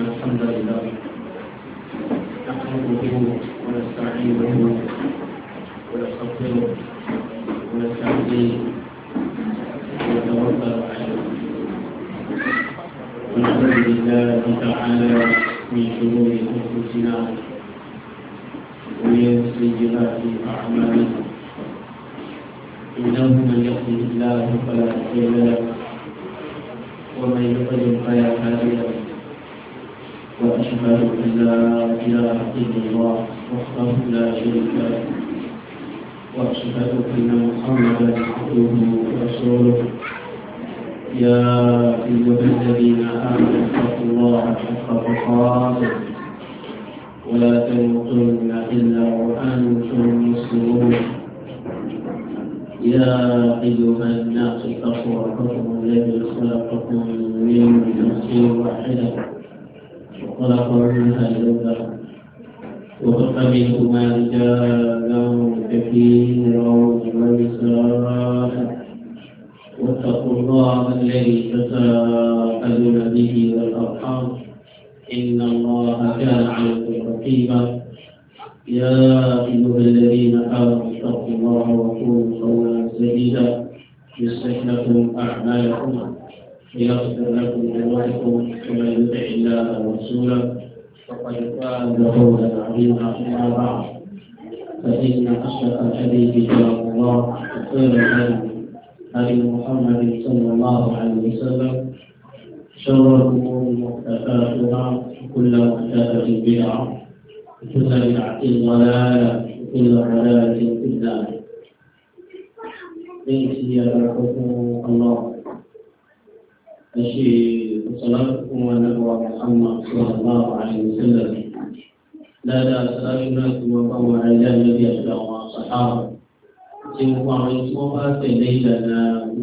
إن الحمد لله هدي محمد صلى الله عليه وسلم شر الأمور محدثاتها وكل محدثة بدعة وكل بدعة ضلالة وكل ضلالة في النار ليس يرحمه الله أشي صلاتكم ونبوة محمد صلى الله عليه وسلم لا لا سلامنا وقوم على النبي صلى الله ṣe fún àwọn tí wọ́n bá tẹ̀lé ìlànà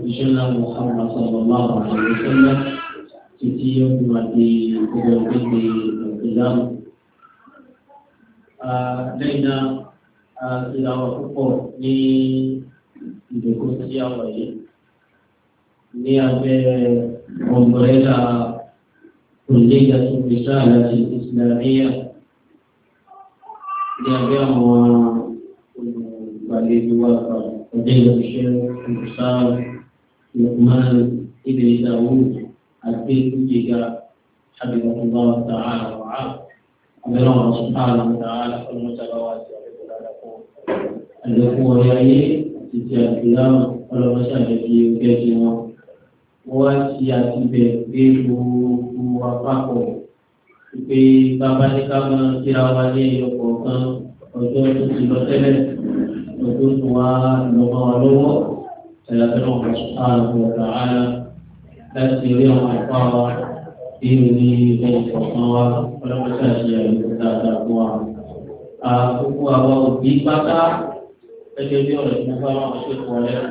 ìṣẹ́lá Muhammad sallallahu alaihi wasallam títí yóò fi wà ní ọjọ́ ìgbésẹ̀ ìlànà. lẹ́yìn náà ìlànà púpọ̀ ní ìdókòó tí a wà yìí ní abẹ́ ọ̀gbọ̀nrẹ́là kùnléyà tó fi sáà láti ìsìlámíyà ní abẹ́ àwọn وعليه وافق فضيلة الشيخ المختار لقمان ابن داوود البيت حفظه الله تعالى وعافى أمره سبحانه وتعالى كل متلوات àlékún ayé títí àfihàn ọlọmọṣàlẹ fi gẹgẹ wọn wọn ti àtibẹ pé gbogbo àpapọ̀ pé bàbá ní ká máa kíra wa ní ẹyọ kọ̀ọ̀kan tó tún wá lọ́mọ lọ́wọ́ ẹ̀lẹ́fẹ́ náà kò sùn káàlù kò tà á lọ láti rí àwọn ẹ̀fọ́ wa bí o ní ẹ̀yìn kọ̀ọ̀kan wa ọlọ́pàá ṣe àyẹ̀wò dáadáa fún wa. Àkókò àwọn òbí pátá gẹ́gẹ́ bí ọ̀rọ̀ tí mo bá wọn ṣe pọ̀ lẹ́nu.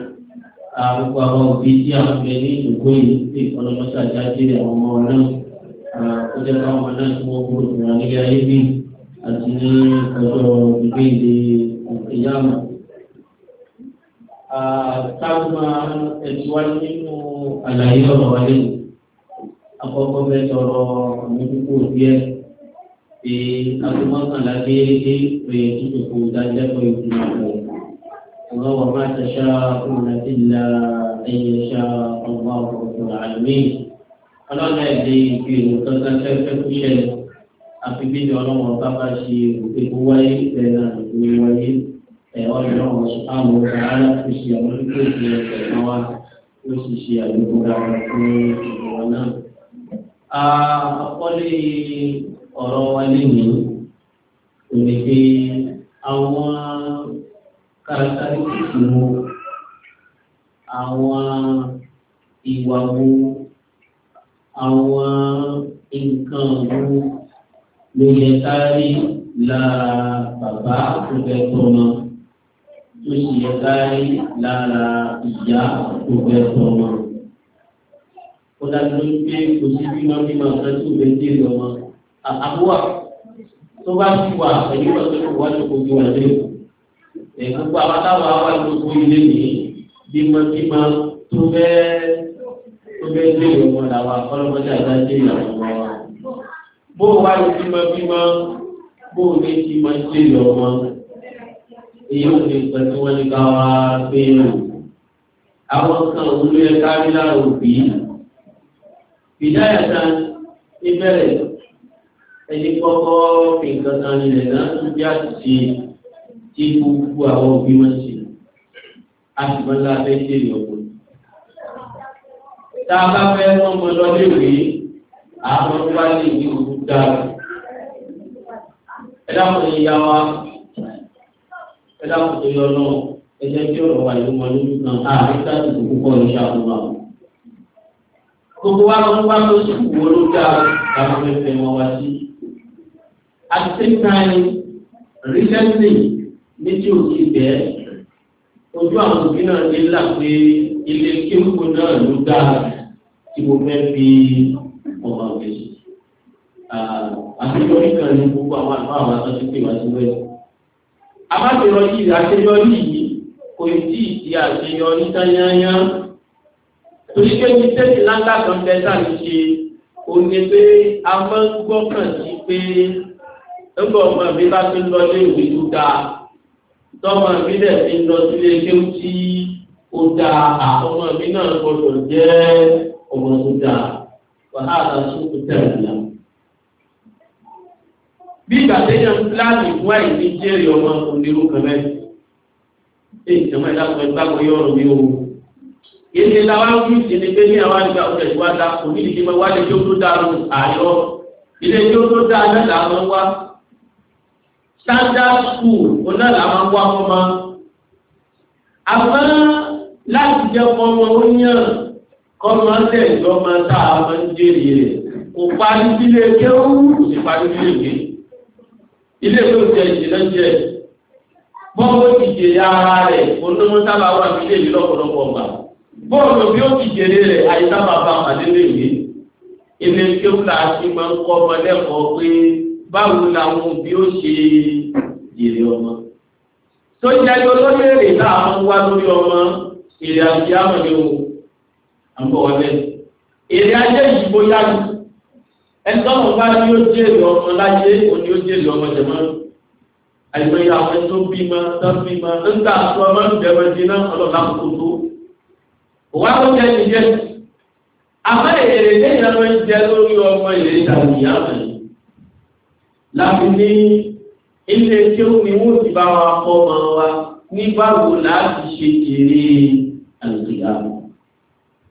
Àkókò àwọn òbí tí a ń bẹ ní ìdókò yìí sí ọlọ́pàá ṣe àjẹjẹrẹ àwọn ọmọ náà. Ó jẹ́ káwọn ọmọ náà tí wọ́n gbọ́dọ̀ táwọn ẹ̀sùwájú nínú àlàyé ọ̀rọ̀ wáyé akọ́kọ́ fẹ́ sọ̀rọ̀ àmójúkú díẹ̀ èyí kájú mọ́kànlá déédéé rèé títòkò dájẹ́kọ̀ ìgbìmọ̀ pọ̀ ọ̀rọ̀ wà máa ṣẹṣẹ́ ọ̀nà tí ìlà ẹ̀yẹ ṣá ọgbà ọ̀rọ̀ àlùmí ọlọ́dà èdè ìfi èrò kankan fẹ́fẹ́ kú ṣẹlẹ̀ àfi bí ọlọ́wọ́ bá bá ṣe òkè kó wáyé bẹ́ẹ̀ náà ọ̀rọ̀ àwọn ọ̀rọ̀ aláfíìsì ọmọ nígbà tí ó ṣe ẹ̀ka wá ó sì ṣe àgbékò dára fún ìwọ̀n náà. Àkọ́lé ọ̀rọ̀ wa lénìí kò ní pé àwọn kárátárítìsì wo àwọn ìwà wo àwọn nǹkan wo ló yẹ ká rí lára bàbá tó fẹ́ tó ṣe káyé lára ìyá tó fẹ́ tọ́mọ. Ó dájú ló ń gbé oṣù bímọ bímọ kan tó fẹ́ dé lọ́mọ. Àbúwà tó bá ti wà pẹ̀lú ọ̀sẹ̀ kò wá tó kojú wà lé. Gbogbo àwọn táwọn àwọn àgbègbè ilé ní bímọ bímọ tó fẹ́ tó fẹ́ dé lọ́mọ làwọn akọ́lọ́mọdé àgbájé ìyàwó wa. Bó wá ní bímọ bímọ bó o ní bímọ dé lọ́mọ èyí ò ní nǹkan tí wọ́n ní ká wá gbé o. Àwọn kan òun ló yẹ ká rí lára òbí. Ìdáyà ta níbẹ̀rẹ̀ ẹni kọ́kọ́ fi nǹkan kan nílẹ̀ náà tún bí àṣìṣe tí gbogbo àwọn òbí wọn ṣe. A sì máa ń lábẹ́ ṣe ìyọ̀kọ̀. Tá a bá fẹ́ wọ́n mọ lọ́lẹ́wé, àwọn tó bá lè ní òkúta. Ẹ dákun ìyá wa ẹ dáhùn tó yọ náà ẹ jẹ́ kí ọ̀rọ̀ wa yóò mọ lójú náà àárín láti kókó kọ́ ní sàkóbá. gbogbo wa ló ń wá ló sì kú wo ló dá àwọn fẹ́fẹ́ wọn wá sí. at the same time recently ní tí òkè bẹ́ẹ̀ ojú àwọn òbí náà ní là pé ilé kéwòn náà ló dá tí mo fẹ́ fi ọmọ mi. àti lórí kan ní gbogbo àwọn àlùfáà wa tó ti wá sí wẹ́ẹ̀ amáṣeyọrí àṣeyọrí yìí kò tí ì di àṣeyọrí tányányá torí pé ní tẹ́sí láńlá kan tẹ́sà ń ṣe kò ní pé a máa ń gbọ́kàn sí pé nígbà ọmọ mi bá ti ń lọ sí ìwé tó dáa tọmọ mi dẹ̀ ti ń lọ sílé kéwù tí ó dáa àwọn ọmọ mi náà gbọdọ̀ jẹ́ ọmọ tó dáa wàhálà sókè tẹ̀lé náà bí ìgbàdéyàn láti wá ìní jẹ́rìí ọmọ onírú kan mẹ́rin ṣé ìjọba ìdáhùn ẹgbẹ́ àgbọ̀ yọrọ mi o èdè làwa ń wí sí ni pé ní àwọn àgbà ọ̀rẹ́ ìwà dá òní ìdí máa wáyé tí ó tó dáa lóhùn àyọ ilé tí ó tó dáa náà là máa wá standard school ọ̀nà là máa wá fún ma àmọ́ láti jẹ́ ọmọ oníyàn kọ́mọ tẹ̀ ìjọba tá a máa ń jèrè rẹ̀ kò parí sílé kéwú kò sì parí sílé kéwú ilé ìwé òjẹ ìjìnà jẹ bọ́ọ̀lù ti jèrè ara rẹ̀ onímọ̀ sábà wà ní ilé ìlú ọ̀pọ̀lọpọ̀ ọ̀gbà bọ́ọ̀lù bí ó ti jèrè rẹ̀ àyíkábà bá pàdé léwé ilé kéwùlà ti máa ń kọ́ ọmọ lẹ́kọ̀ọ́ pé báwo làwọn òbí ó ṣe jèrè ọmọ tó jẹ́ ẹjọ́ lórí èrè náà wá lórí ọmọ èrè àti àmọ̀ ni ó àbọ̀ ọ̀lẹ́ èrè ajé ìbò ẹ̀tọ́nà bá ní ó jèrè ọmọ láyé òní ó jèrè ọmọ jẹ̀mọ́ àìmọye àwọn tó bímọ tọ́bímọ nígbà tó ọmọ ìbẹ̀rẹ̀ jiná ọlọ́lá kòtó wà ó jẹ́ ìjẹ́ àmọ́ èrè ní ìyàwó ń jẹ lórí ọmọ ilẹ̀ ìdàmìyàmì láti ní ilé tí ó ní wọ́n wa kọ́ ọmọ wa ní báwo láti ṣe jèrè àlùkìyà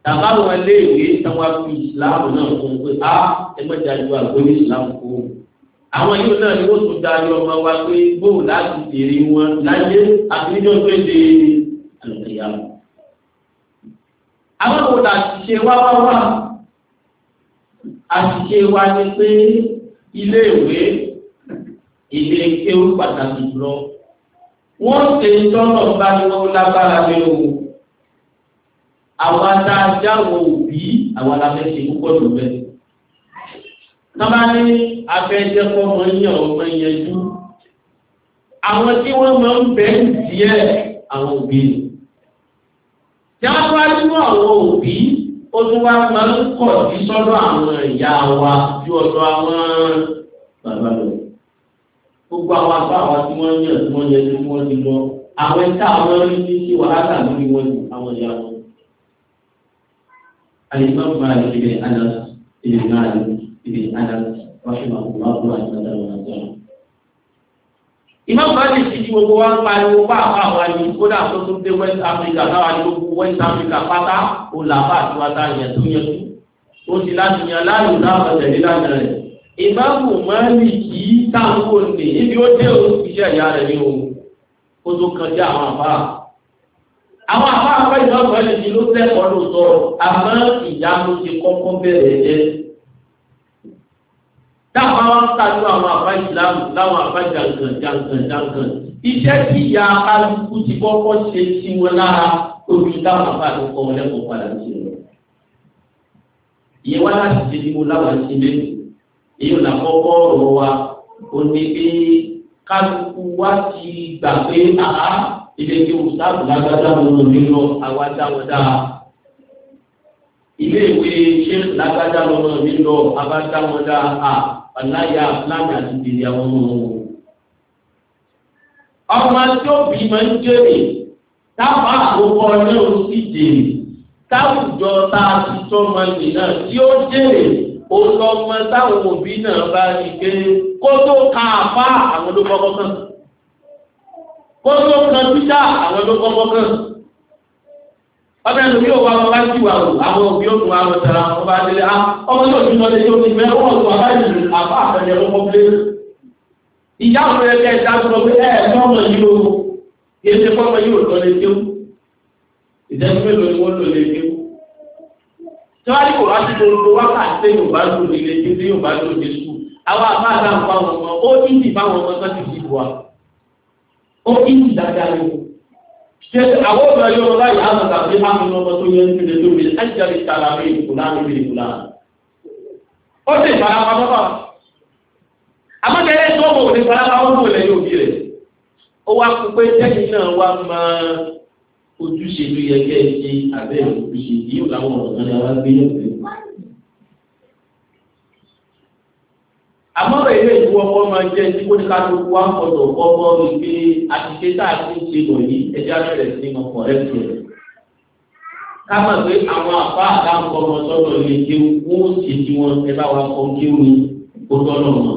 tàbá wọn léèwé náà fún pé áà ah, ẹgbẹ́ dájú àgbóyè ìsìlámù kó àwọn yìí náà ni ó tún dájú ọmọ wa pé gbóhùn láti bèrè wọn láyé àti níjọ́ pé lè àlùkìyà àwọn òun àṣìṣe wá wá wá àṣìṣe wa ni pé ilé ìwé ilé kéwú pàtàkì lọ wọ́n ṣe tọ́nà bá ní wọ́n lágbára lé o àwọn adájáwò òbí àwọn alámẹ́sẹ̀ púpọ̀ lọ́bẹ̀ẹ́ sábà ní afẹ́jẹ́kọ́ mọ́ yàn ọmọ yẹjú àwọn tí wọ́n mọ́ ń bẹ̀ ń díẹ̀ àwọn òbí rẹ̀ tí wọ́n wá nínú àwọn òbí ó tún wá máa ń kọ̀ sí sọ́dọ̀ àwọn ìyá wa ju ọ̀dọ̀ àwọn bàbá rẹ̀ gbogbo àwọn àbá wa tí wọ́n yàn tí wọ́n yẹjú wọ́n ti lọ àwọn ẹ̀ka àwọn orí ní sí wàhálà lórí wọn ju àwọn ìyá wọn. àyè náà máa ń ṣe àyà ìrìnà àyè. Adam rahimahullahu àtàlà wọn jẹun. ìmọ̀gbọ́n ti ti ju gbogbo wa ń pariwo bá àwọn àwọn àyè kódà tó tó dé West Africa náà àti gbogbo West Africa pátá ó là bá àtiwáta yẹn tó yẹ tó ó ti láti yan láàyò láwọn tẹ̀lé láti rẹ̀. ìmọ̀gbọ́n mọ́lì àwọn àbá àwọn àbá àpá ti ló tẹ́kọ̀ọ́ lóòótọ́ àmọ́ ìyá ló ti kọ́kọ́ bẹ̀rẹ̀ jẹ́ dábàá wọn kájú àwọn àbá ìsìlámù láwọn àbá jàǹkàn jàǹkàn jàǹkàn iṣẹ́ tí ìyá alùpùpù ti kọ́kọ́ ṣe sí wọn lára omi táwọn àbá àti ọkọ wọn lẹ́kọ̀ọ́ padà ń ṣe lọ. ìyẹn wá láti ṣe níbo láwọn ṣe lẹ́nu èyí là kọ́kọ́ ọ̀rọ̀ wa ó ní pé kálukú wá ti gbà pé àá ilé tí o sáàbù lágbádá wọn ò ní lọ àwa dáwọ́ dáa ilé ìwé ṣé lágbádá wọn ò ní lọ àwa dáwọ́ dáa ọ̀láyà fúlàní àti bèrè àwọn ọmọ wọn. ọmọ tí ó bí máa ń jèrè tábà àkókò náà sì jèrè táwùjọ tá a ti tọ́ máa ń jè náà tí ó jèrè ó lọ mọ táwọn òbí náà bá rí i pé kó tó ka àfá àwọn ló kọ́kọ́ kó tó kan títà àwọn ló kọ́kọ́ ọbẹ̀ ẹnu yóò wá ọba jù àwọn àwọn òbí ó tún àwọn tẹ̀ra ọba délé á ah, ọmọ náà jù lọ́dẹ yóò ti mẹ́ wọ́n tún ọba jù àbá àfẹ̀yẹ lọ́kọ́ pé ìyá òfin ẹgbẹ́ ẹ̀dá sọ pé ẹ̀ mọ́mọ yìí o yé ṣe fọ́mọ yìí ò tọ́ lé dé o ìdẹ́nu mélòó ni wọ́n lò lé dé o tí wọ́n á ní kò wá sí gbogbo wákàtí pé yóò bá lò ní ilé dé tí yóò bá lò ní sùn àwọn àbá àdáhùn fáwọn ọmọ ó ní ìdí fáwọn ọmọ ṣe àwọn ọmọ ẹyọ láyé àtàtà sí àmìnà ọmọ tó yẹ ń tẹ̀lé tó bí ẹjẹ́rì tààrà rí ìkùnlá níbi ìkùnlá ó sì farapa bọ́bà amákẹ́lẹ́ tó mọ̀ ní farapa bọ́bà lẹ́ yóò bí rẹ̀ ó wá kú pé tẹ́yìn náà wá máa ojúṣe tó yẹ kẹ́ ẹ ṣe àbẹ́ ojúṣe yìí làwọn ọ̀rọ̀ kan ní àmọ́rọ̀ ilé ìlú ọkọ máa jẹ́ tí kó ní ká tó wá ọ̀dọ̀ ọkọ mi pé àṣìṣe tá a ti ń ṣe lò yìí ẹja bẹ̀rẹ̀ sí mọ kọ̀rẹ́ tiẹ̀. ká mọ̀ pé àwọn àbá àdáǹkọ ọmọ sọ́dọ̀ lè ṣe wọ́n ṣe tí wọ́n ẹ bá wa kọ́ kí omi kó tọ́nà mọ̀.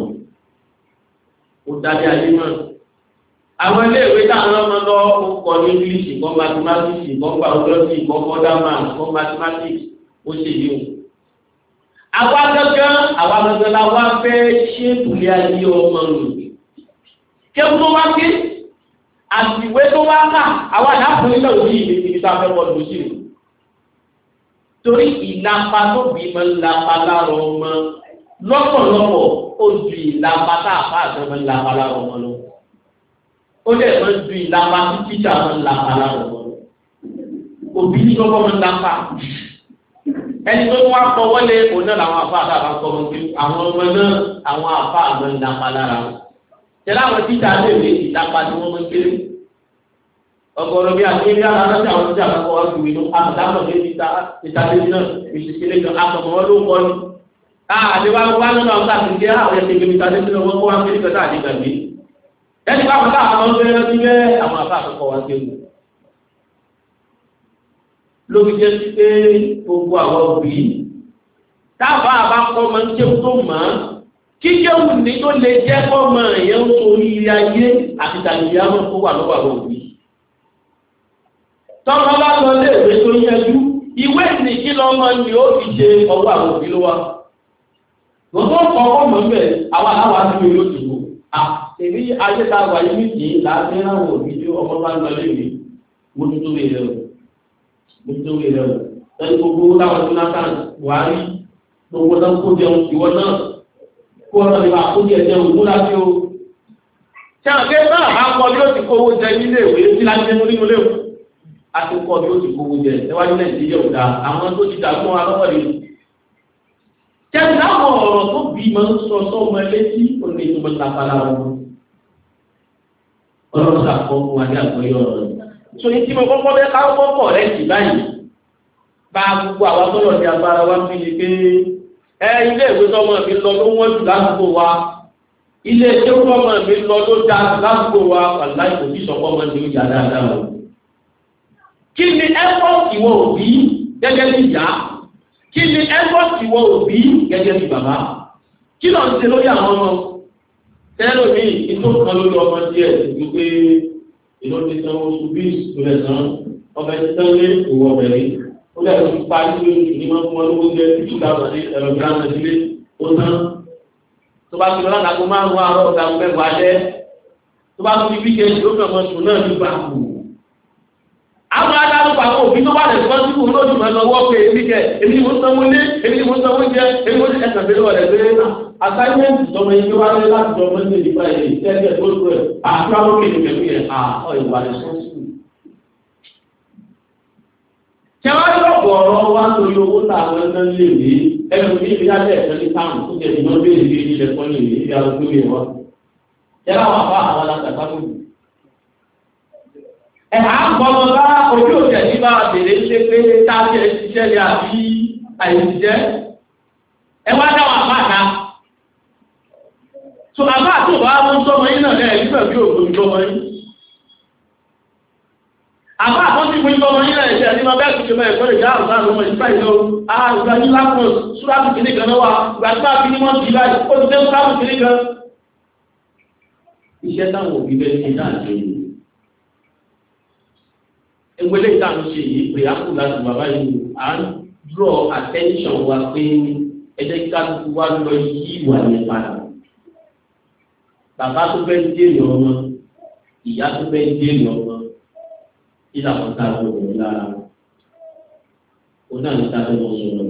ó dábí ayé mọ̀. àwọn iléèwé táwọn ọmọ lọ kọ ní English kọ́ mathematics kọ́ biology kọ́ further math kọ́ mathematics ó ṣèlú àwa gangan àwa gangan la wá fẹ́ ṣépùlé ayé ọmọ rẹ̀ kéwù tó wá ké àtìwé tó wá kà àwa àdáàbò nílẹ̀ òní ìlú ibi tá a fẹ́ wọ́n lójú rẹ̀ torí ìlàpá tó bí mọ́ ńlápá lára ọmọ lọ́pọ̀lọpọ̀ ó ju ìlàpá tá a fà àtọ́mọ́ ńlápá lára ọmọ lọ ó dẹ̀ mọ́ ju ìlàpá tí tíjà mọ́ ńlápá lára ọmọ lọ òbí ní ẹni tó wá kọ́ wọlé òun náà làwọn afá àtàwọn akọ́ wọn kiri àwọn ọmọ náà àwọn afá àgbọn ìdápa lára wọn tẹ̀lé àwọn títà léèrè ìdápa tí wọ́n mọ kiri ọgọ́rọ̀ bí akéwì alára tí àwọn tíjà kọ́ wọn kiri àtàwọn ọmọdé títà títà léèrè náà ìṣẹ̀lẹ̀ kan àtọ̀mọ́ wọn ló kọ́ ni àdéhùn àwọn wà lọ́nà ọ̀gá àti ìgbé àwọn ẹ̀sìn ìgbé títà léèrè wọn kọ́ wọn kiri kẹta àdéhùn àgbé ẹni bá wọn bá ló fi jẹ́ sí pé gbogbo àwọn òbí tábàá bá kọ́ ọmọ ń jẹun tó mọ̀ ọ́n kíjẹ́wù ní tó lè jẹ́ kọ́ ọmọ ẹ̀yẹ́ ń torí ilé ayé àti tàbíyá mọ́ tó wà lọ́wọ́ àwọn òbí. tọ́lá bá lọ lé ìwé tó yẹjú ìwé ìsìn kí lọ́mọ ni ó fi ṣe ọwọ́ àwọn òbí ló wá. gbogbo ọkọ̀ ọmọ mẹ́ àwa àwa ti mi lóṣù wò. èmi ayé ta wáyé méjì láti ráwọn òbí tí ọmọ bá lọ lé ìwé mo tuntun mi lẹ́wọ̀ nítorí rẹ̀ o lẹ́yìn gbogbo láwọn tí náà kàn buhari gbogbo náà kó jẹun ìwọ náà kó ọ̀nà ìwà àkójẹ jẹun múra sí o. ṣé àgbẹ̀ náà bá kọ́ bí ó ti kówó jẹ nílé ìwé tí láti jẹun nínú léwu a ti kọ́ bí ó ti kówó jẹ níwájú nàìjíríà ò dáa àwọn tó ti dàgbọ́n wa lọ́wọ́ rẹ̀ jẹ́bi láwọn ọ̀rọ̀ tó bí máa ń sọ sọ́mọ ẹlẹ́tí òní ìtumọ̀ ìtàkàlà wọn. ọlọ́run ṣàkóso wa ní àgbáyé ọ̀rọ̀ rẹ̀ so ní tí mo kọ́kọ́ bẹ́ káwọ́ kọ́kọ́ rẹ̀ jì báyìí bá gbogbo àwọn tó lọ ní agbára wa fi ni pé ẹ ilé ìwé tọmọ mi lọ ló wọ́n jù lásìkò wa ilé ìwé tọmọ mi lọ ló da lásìkò wa wàlá ìkò tí sọpọ́ mọ́ ní ìjà dáadáa o kí ni ẹ́fọ́ọ̀tì wọ òbí gẹ́gẹ́ bí ìyá kí ni ẹ́fọ́ọ̀tì wọ òbí gẹ́gẹ́ bí bàbá kí lọ́n ti lórí àwọn ọmọ tẹ́lómi ìtòkan lórí ọmọ díẹ̀ wípé ìlú ti san oṣù bí ìṣúlẹ̀ náà ọbẹ̀ ti tán lé òwò ọbẹ̀ yìí ó lẹ̀ ló pa nílé oṣù ní máa ń fún ọlọ́wọ́ jẹ́ títí dáhùn ní ẹ̀rọ gírámù sílé ó tán tó bá ti lọ láti àgbo márùn-ún àárọ̀ ọ̀gá mẹ́wàá jẹ́ tó bá ti fi kejì ó fẹ̀ mọ́ sùn náà nígbà kù àwọn adarúgbà àwọn òbí tó wà lẹ̀ fún síkù lójú mẹ́lọ wọ́pẹ̀ èmi kẹ èmi mo ń sanwó lé èmi mo ń sanwó jẹ èmi mo ń ẹ̀sẹ̀ fẹ́ lọ́wọ́ rẹ̀ pé ah, assignment tọmọ ẹgbẹ́ wa lé láti jọ mẹ́lẹ̀ nípa ẹ̀ ìtẹ́kẹ̀ tó tó ẹ̀ àti àwọn òkèèrè pẹ̀lú ẹ̀ à ọ ìwà rẹ̀ sọ sí. kẹwàá lọ́pọ̀ ọ̀rọ̀ wa lórí owó táwọn ẹgbẹ́ ń lè rí ẹnu ní ìyáálẹ̀ ẹ̀fẹ́ ní táwọn tó jẹ ìmọ̀ bẹ́ẹ̀ ní ilẹ̀ kọ́ni ìyá ẹ̀hà gbọ́dọ̀ bá ojú òjẹ̀ ní bá bèrè ṣe pé táàbí ẹ̀ ṣiṣẹ́ rẹ̀ àbí àìṣiṣẹ́ ẹ wá dáwọn àbáta tó àbá àti òbá mú sọmọ yín náà lẹ́yìn nígbà bí òkú sọmọ yín àbá àwọn tí mo ń sọmọ yín lẹ́yìn ní ọbẹ̀ kìí ṣe bẹ́ẹ̀ kọ́lẹ̀ dáhùn sáà lọ́mọ ìgbà ìlọ àgbà ní lápò súráàbù kìíní kan náà wà gbàgbà bí ní wọ́n ti láì ó ti dé súráàbù kìíní kan iṣẹ́ táwọn òbí bẹ́ẹ̀ ṣe náà ṣe ni ewele ìtàn ṣe yìí pé a kù láti bàbá yìí à ń draw attention wa pé ẹjẹ ká wá lọ yí ìwà yẹn padà bàbá tó fẹ́ dèrè ọmọ ìyá tó fẹ́ dèrè ọmọ ìlà wọn ta ló wọ lára ó náà ní tábí wọn sọ lọ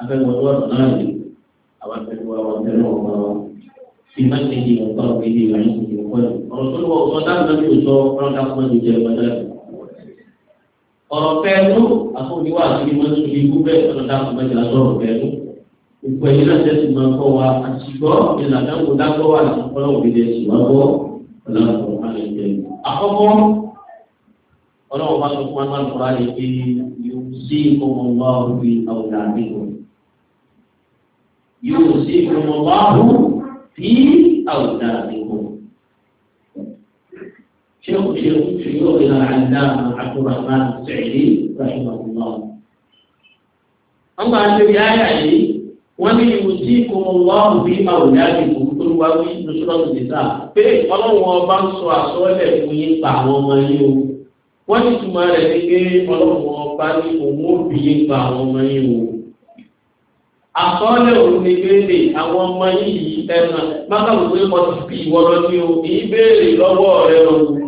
afẹ́wọ́n tó ọ̀nà náà yìí àwọn afẹ́wọ́ àwọn afẹ́wọ́ ọmọ wa fi má ṣe di ọ̀pá òkèlè ìwà yìí ọ̀pọ̀ ọ̀rọ̀ tó lọ́wọ́ ọ̀sán dáhùn náà yóò ọ̀rọ̀ dáhùn náà yóò jẹ́ ọ̀rọ̀ fẹ́ẹ́nu àfọwọ́niwá àti mọ́tò ní gúbẹ́ ọ̀dọ̀dá àmọ́jà sọ̀rọ̀ fẹ́ẹ́nu gbogbo ẹ̀yin náà tẹ̀sí máa kọ́ wa àtìgbọ́ ìlànà kò dákọ́ wà lọ́wọ́ òbílẹ̀ sí wa gbọ́ ọ̀làkùn àlẹ́jẹ́ àkọ́kọ́ ọlọ́wọ́ bá sọ sí ìkọmọ̀láwù fi àwùjá àdìgbò yóò sí fi àwùjá àdìgbò شيخ شيوخنا علام عبد الرحمن السعيدي رحمه الله أما أن يعني ومن يوصيكم الله في أولادكم كل واوي نصرة النساء pé ọlọ́run ọba ń sọ àsọlẹ̀ fún yín pa àwọn ọmọ yín o wọ́n ti túmọ̀ rẹ̀ ní pé ọlọ́run ọba ní òun ó bí yín pa àwọn ọmọ yín o àsọlẹ̀ òun ni béèrè àwọn ọmọ yín yìí ẹ̀ràn má kàwé pé ọtí bí ní o kì í béèrè lọ́wọ́ rẹ lọ́wọ́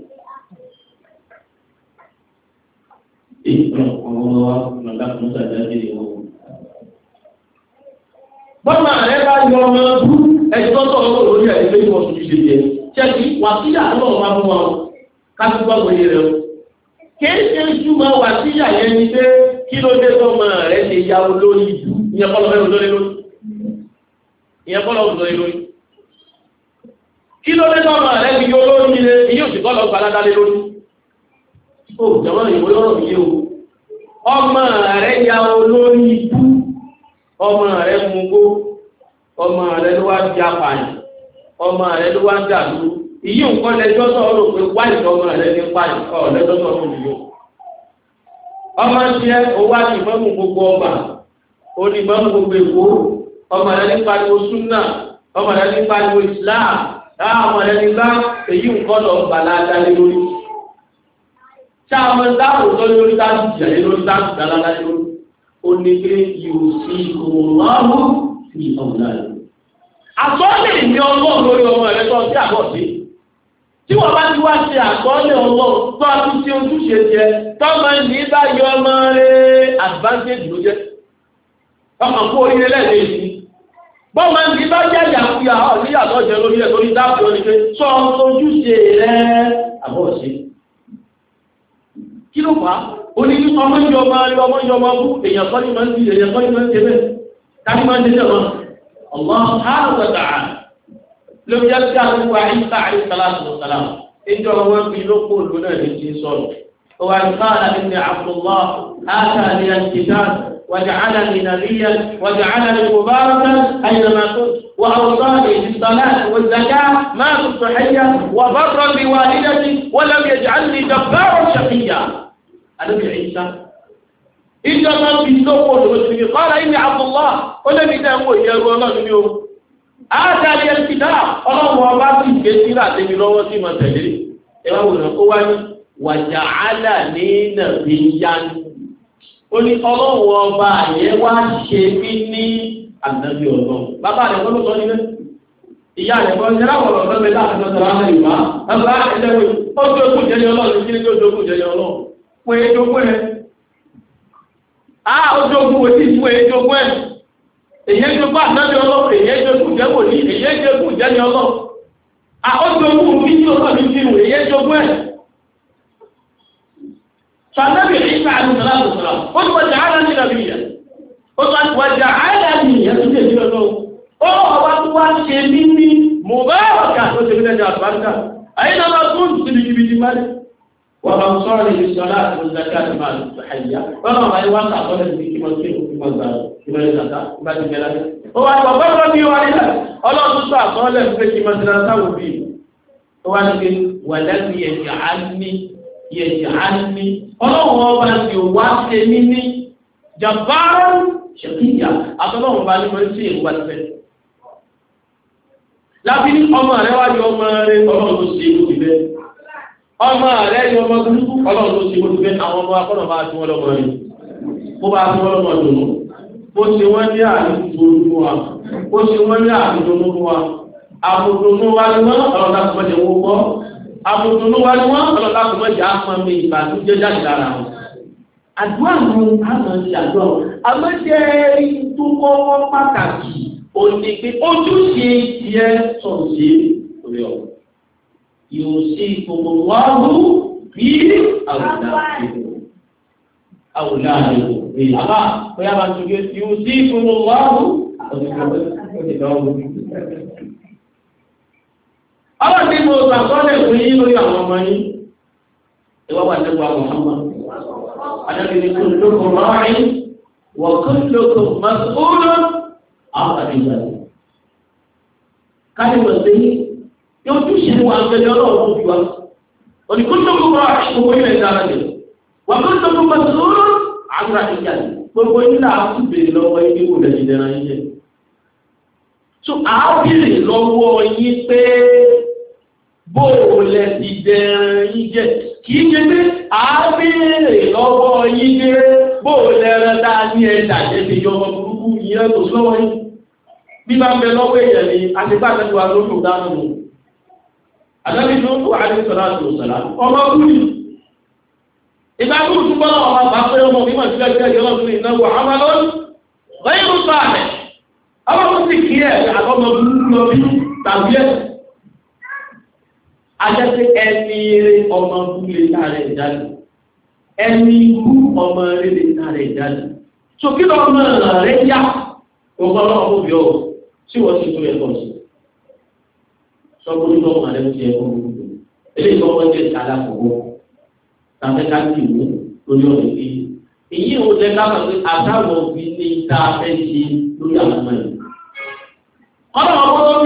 èyí kan ọmọ wa màdá kan sàdájì ìwọ. bọ́nà rẹ bá yọ ọmọ bú ẹjọ́ tó ọmọ lórí ẹ̀ ilé ìwọ̀n tó ṣe jẹ ṣẹ́kì wàsíyà tó ọmọ fún wọn kájú bá wọlé rẹ o. kéé ṣe túmọ̀ wàsíyà yẹn ni pé kí ló dé tọ́mọ rẹ ṣe ya olórí ìlú ìyẹn kọ́ lọ́wọ́ lórí lórí ìyẹn kọ́ lọ́wọ́ lórí lórí kí ló dé tọ́mọ rẹ fi yọ olórí ilé ìyóòsì kọ́ lọ́wọ́ ó jọmọ́ ìwé ọ̀rọ̀ mi yé o ọmọ rẹ̀ ya olórí ibú ọmọ rẹ̀ mugbó ọmọ rẹ̀ ló wá ń di apààyàn ọmọ rẹ̀ ló wá ń dàlú ìyí nǹkan lẹjọ́ tó ọ̀rọ̀ pé wáyé ọmọ rẹ̀ ní pààyàn ọ̀ lẹ́jọ́ tó ọ̀rọ̀ mi yó ọmọ tiẹ̀ owó àti ìmọ̀mù gbogbo ọgbà onímọ̀mù gbogbo èkó ọmọ rẹ̀ ní pariwo súnà ọmọ rẹ̀ ní pariwo ìsìláà láwọn ọmọ rẹ̀ ní bá èyí nǹkan lọ ń bà láadáa lórí tá a mọ dáàbò tó ní orí dáàbò jẹ ní orí dáàbò dára láyé ló ó ní pé yóò sí ìkòmọ́mọ́ sí ọ̀nà rẹ̀. àsọ́lẹ̀ ní ọlọ́run lórí ọmọ rẹ̀ tó ti àbọ̀ sí. tí wọ́n bá ti wá ṣe àsọ́lẹ̀ ọlọ́run tó a tún ṣe ojúṣe jẹ tọ́mọ ní báyọ̀ ọmọ rẹ̀ advantage ló jẹ́. ọmọ kó oríire lẹ́ẹ̀lẹ́yìn ni bọ́ọ̀mà ní bá jẹ́ ìyàwó ìyàwó ìyàtọ̀ jẹ́ lórí ẹ̀ lórí dáàbò ní pé sọ ojúṣe rẹ̀ àbọ̀ sí i kí ló fà á ó ní ọmọ ìjọ máa rí ọmọ ìjọ máa bú èèyàn kọ́ ní máa ń di èèyàn kọ́ ní máa ń ṣe bẹ́ẹ̀ táwọn máa ń ṣe jọba Allah hàrùn ọ̀tà lórí ẹgbẹ́ àwọn ìwà ìta àìsàlátù sàlámù ìjọ wọn fi lóko lónà ní ti sọ̀rọ̀ ọwọ́ àti وجعلني نبيا وجعلني مباركا أينما كنت وأوصاني بالصلاة والزكاة ما كنت حيا وبرا بوالدتي ولم يجعلني جبارا شقيا النبي عيسى إنما في سوق قال إني عبد الله ولم يدعوه يا الله اليوم اتى لي الكتاب ọba sì gbé sílá débi في sí mọ̀tẹ̀lẹ́ ẹwà wòrán kó oni ọlọ ọlọ́wọ́ ọba àyẹ́ wá ṣe mí ní ànábì ọlọ́run bàbá rẹ̀ kọ́ sọ nílẹ̀ ìyá rẹ̀ kọ́ ọ̀rọ̀ fẹ́mi láàrin ọ̀sẹ̀ láwọn ìwà bàbá ẹlẹ́wẹ̀ ó tó kù ọlọ́run kí tó ọlọ́run pé á ó فالنبي عيسى عليه الصلاة والسلام قل وجعلني نبيا ó tó àti wájá àìlàní ẹ̀sùn lè jílọ lọ ó ọwá tó wá ṣe mí ní mọ̀báwàká tó ṣe mílẹ̀ àbáríkà àìlà máa tó ń tún ibi ti máa wà máa sọ́rọ̀ ibi sọ́lá àti ìzàkà àti máa ṣàyà wọ́n máa wáyé wákà sọ́lẹ̀ ibi kí wọ́n ṣe òkú mọ́ ìgbà ìbẹ̀rẹ̀ tàtà ìgbà ti bẹ̀rẹ̀ ó wá ní ọ̀pọ̀ ọ̀pọ̀ bí wà nílẹ̀ ọlọ́run sọ àsọ́lẹ̀ fẹ́ kí máa ti ra sáwò bí ó wá ní pé wà lẹ́nu yẹn yẹ̀yẹ̀ alimi ọlọ́run ọba ti wá ṣe mí ní jàbára ṣèkíyà àtọ́lọ́run ọba ní wọ́n sí èkó bá ti fẹ́. lábí ní ọmọ rẹ wá yọ ọmọ rẹ ọlọ́run tó ṣe ìlú ìbẹ́ ọmọ rẹ yọ ọmọ burúkú ọlọ́run tó ṣe ìlú ìbẹ́ àwọn ọmọ akọ́nà bá ti wọ́n lọ́mọ rẹ kó bá ti wọ́n lọ́mọ dùnú ó ṣe wọ́n ní àdúgbò olúmọ wa àbùdùnú wa ni wọ́n ọlọ́lá kò mọ́jà ápọn mi ìbànújẹ́ jáde lára wọn àdúrà wọn àmọ́ ti àdúrà wọn àmọ́ jẹ́ tó kọ́kọ́ pàtàkì òní pé ojúṣe tiẹ̀ sọ̀rọ̀ sí orí ọ̀ yóò ṣe ìfowó wá ló bí àwòlá àdúgbò àwòlá àdúgbò èyí àbá bóyá bá tún yóò ṣe ìfowó wá ló àwòlá àdúgbò ọlọ́run ti mo ọ̀sán sọ́lẹ̀ fún yí lórí àwọn ọmọ yìí ìwọ́n wà nípa Muhammad adájọ́ ní kí lóko rọ́ọ̀rin wọ́n kó lóko mọ́sọ́ọ́lọ́ àwọn àdéhùn àti káyọ̀ sí yóò tún ṣe wà lẹ́yìn ọlọ́run fún wa àwọn àdéhùn lọ́wọ́ ibi so àá bèrè lọ́wọ́ yìí pé bóòlẹ̀ ìdẹ̀rẹ̀ yíjẹ kì í jẹ́ pé àábẹ̀rẹ̀ lọ́wọ́ yíjẹ bóòlẹ̀ rẹ̀ dáa ní ẹ̀dà jẹ́bẹ̀ yọmọ burúkú yíyẹ́ tó lọ́wọ́ yìí bí bá bẹ lọ́wọ́ èèyàn ni a ti pàtàkì wa lóṣù dánù àdábì tó kú àdé sọ̀rọ̀ àti òṣèlá ọmọ kúrì ìgbàgbọ́ tó bọ́ ọmọ bá pé ọmọ bí wọ́n ti fẹ́ jẹ́ yọlọ́ sí ìnáwó àmà lọ́nù lẹ́yìn tó ajẹ́sí ẹni eré ọmọ gúlé láàrẹ ìjáde ẹni gú ọmọ rere láàrẹ ìjáde so kí lọ mọ́ rẹ̀ yá ọgbọ́nà ọgbọ́bí ọ̀ sí wọ́n sí tó ẹ̀kọ́ sí sọ́gbọ́n tó wà lẹ́nu ti ẹ̀kọ́ gbogbo eléyìí tó wọ́n jẹ́ ìtàlá kọ̀ọ̀kọ́ tàbí ká ní ìwé lórí ọ̀rẹ́ pé èyí ò lẹ́ ká pàṣẹ àtàwọn òbí ní ìta fẹ́ ṣe lórí àwọn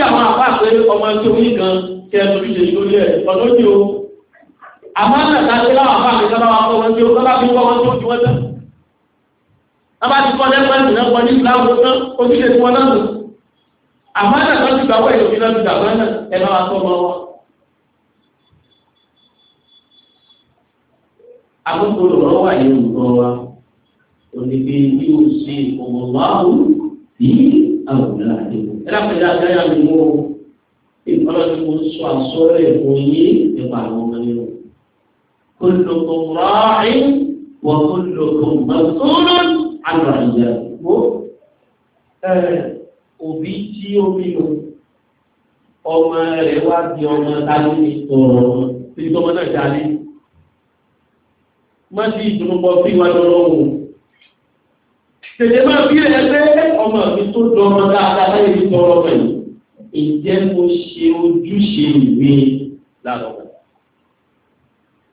àwọn àpá pé ọmọ tó ní kan kẹ lórí ṣe lórí ẹ̀ ọ̀dọ́ tí o àmọ́ náà tàbí láwọn àpá mi sábà wà kọ́ wọn tí o sábà fi kọ́ wọn tó ju wọn tán sábà ti kọ́ lẹ́gbẹ̀ẹ́ náà kọ́ ní ìlàwọ̀ tán ojúṣe tí wọ́n náà nù àmọ́ náà tó ti gbà wọ́n èyí náà ti gbà wọ́n náà ẹ bá wa tọ́ ọmọ wọn. àkókò lọ́wọ́ wà ní olùkọ́ wa òní bí yóò ṣe ọmọ wàhùn bí àwùjọ àti ìdáfẹ́dá agbára mi mú o ìfọ́nà tí mo sọ àsọ́rọ̀ ẹ̀kọ́ yé nípa àwọn ọmọ yẹn òbí tí ó bí ọmọ rẹ̀ wá di ọmọ tálí ní tí tọmọ náà dálé. má ti dùnú bọ́ fún ìwádìí ọlọ́run tètè máa bí rẹ̀ pé ọmọ mi tó dọ́mọ dáadáa láyé mi tọrọ mọ̀ yìí ǹjẹ́ mo ṣe ojúṣe mi lára ọmọ.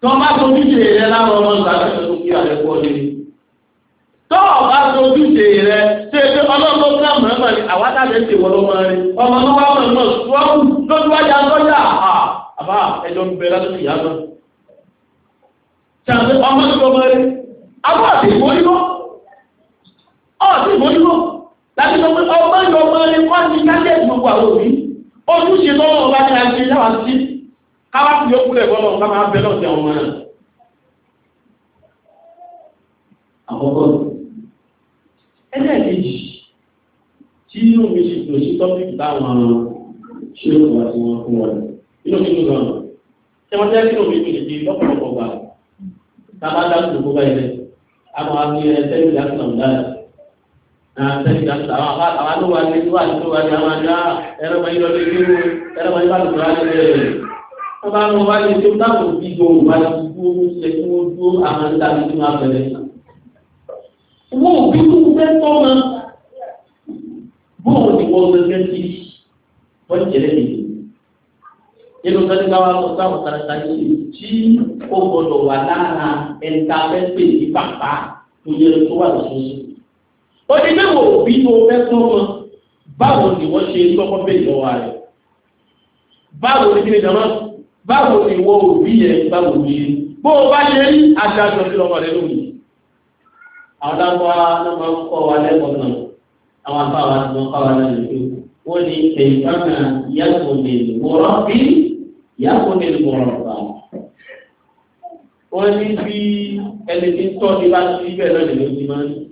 tọ́ba tó ojúṣe rẹ lára ọmọ ìgbà tó tó kí alẹ́ kọ́ lé. tọ́ọ̀bá tó ojúṣe rẹ ṣe pé ọlọ́mọ tó náà mọ̀ ní àwa dábẹ́ ṣe wọ́n lọ́mọ rẹ ọmọ náà wà mọ̀ náà sọ́ọ́rù lọ́dúnwájà lọ́jà àbá ẹjọ́ ń bẹ lásìkò ìyá náà. ṣàǹtẹ̀ ọmọ tó lọ́mọ rẹ àti ìmọ̀dúró láti sọ pé ọmọ ìlú ọmọ ẹni kọ́ ní kájẹ́ gbogbo àwọn òbí ojúṣe lọ́wọ́ ọba ní àti yáwà sí káwá fi ókú rẹ̀ bọ́lọ̀ ká máa bẹ lọ́sẹ̀ ọmọ náà. àkọ́kọ́ ẹlẹ́ẹ̀kejì tí inú mi sì dùn sí tọ́pì táwọn ṣe é wà tí wọ́n fún wọn inú mi dùn náà ṣé wọ́n jẹ́ kí inú mi dùn sí lọ́pọ̀lọpọ̀ gbà tá a bá dá sẹ́yìn ìdájọ́ àwọn àwọn ló wà ní ìlú àti tó wà ní àwọn ajá ẹ̀rọ máa ń yọ lórí ìlú ẹ̀rọ máa ń bá lùkọ́ láti bẹ̀rẹ̀. wọ́n bá lọ wá ní ìlú táwọn òbí gbòòrò bá ti dúró ṣe kí wọ́n dúró àwọn ń dábí tí wọ́n bẹ̀rẹ̀. wọ́n ò bí kú fẹ́ tọ́ ma bóun ni wọ́n gẹ́gẹ́ sí wọ́n jẹ́rẹ́ mi. nínú sọ́dí káwá sọ sáwọn kàràkà ó ti gbé wò bí mo fẹ́ tó mọ báwo ni wọ́n ṣe kọ́kọ́ bẹ́ẹ̀ lọ́wọ́ rẹ̀ báwo ni kíni dàmọ́ báwo ni wọ́n ò bí yẹn báwo ni bó o bá ṣe rí adájọ́ sí lọ́wọ́ rẹ̀ lónìí àwọn dábọ̀ náà máa ń kọ́ wa lẹ́kọ̀ọ́ náà àwọn àbáwá ti máa ń kọ́ wa náà lè wọ́n ní ẹ̀yìnkánná yàtọ̀ ní ìmọ̀ràn bí yàtọ̀ ní ìmọ̀ràn bá wọ́n ní bí ẹni tí ń tọ́ ní bá ti bẹ́ẹ̀ náà ló ti máa ń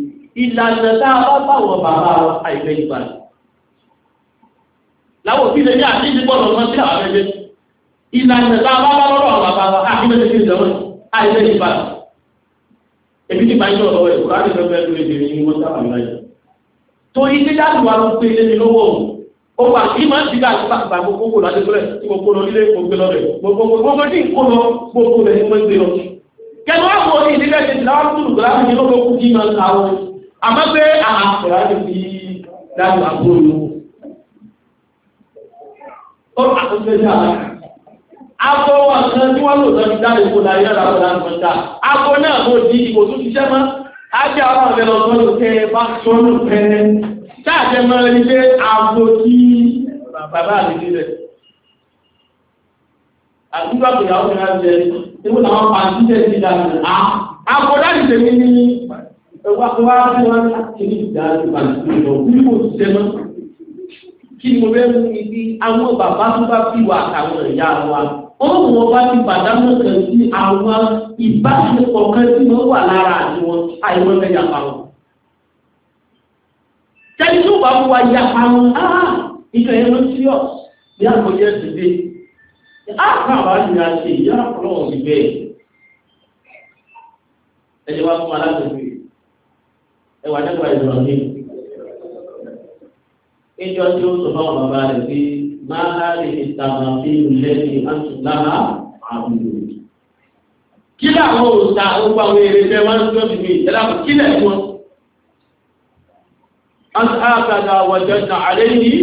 ìlànà tá a bá báwọn bàbá àìfẹ́ ìgbà láwọn òbí lè ní àti ìdíbọ̀nà wọn sí àwọn ẹgbẹ́ ìlànà tá a bá bá lọ́rọ̀ àwọn bàbá àìfẹ́ ìgbà àìfẹ́ ìgbà ebi ti báyìí lọ́wọ́ ẹ̀ kúrò àti ìfẹ́ ìgbà ìgbà ìgbà ìgbà ìgbà torí tí dáàbò wa ló pé ilé ní lọ́wọ́ ó wà kí máa ń ti dáàbò bàbá gbogbo wò láti fúlẹ̀ tí gbogbo lọ nílé gbogbo lọ rẹ̀ gbogbo gbogbo tí nǹkó lọ gbogbo rẹ̀ ní wọ́n gbé lọ kẹwàá wo ní ìdílé ti láwọn tó lùgbàlá ní lọ́wọ́ kú kí máa ń ta wọn àmọ́ pé àkùrá lè fi dájú àbúrò ó àkùnfẹ́ sí àwọn akọ wà kan tí wọ́n lò sọ ti dáre kó láyé lára ọ̀dà àgbọ̀ta akọ náà kò di ìbò tó ṣiṣẹ́ mọ́ ájá àwọn ọ̀rẹ́ lọ sọ́nù tẹ́ bá sọ́nù pẹ́ sáàjẹ́ mọ́ ẹni pé àbò tí bàbá mi nílẹ̀ àdúgbò àgbèyàwó mi náà jẹ ewu làwọn pàǹtí tẹ̀sí dáadáa àbò dáàbò tẹ̀mí ní ẹwà tó wá bí wọ́n láti ní ìdájú pàtàkì lọ bí mo ti jẹ mọ́ kí mo rẹ́ mú ibi àwọn bàbá tó bá fi wà àtàwọn ìyá wa ọmọ wọn bá ti pàdánù kan sí àwọn ìbáṣepọ̀ kan tí wọ́n wà lára àti wọn àìwọ́n fẹ́ yàpá wọn. Tẹ́lí tó bá wà yàpá wọn, ah, ìkà ẹ̀rọ sí ọ̀ ní àkọjẹ́ ìdílé. Àpá àbá ni a ṣe ìyá ọlọ́run ẹwà nípa ìdúró ní ìjọ tí ó sọ fáwọn bàbá rẹ̀ pé máa láti ìtàmà sí lẹ́yìn àtúntàmà àwọn ìlú. kí làwọn òòṣà gbogbo àwọn èrè fẹ́ wá ń tó ti fi ìtẹ́lápò kí lẹ̀ wọn. àtàkàdà wọ̀jọ̀ nà àlẹ́ yìí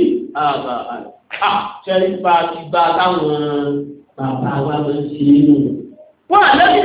àbà àṣẹrí bá ti bá táwọn bàbá wa máa ń ṣe é nù. wọ́n àti ẹ́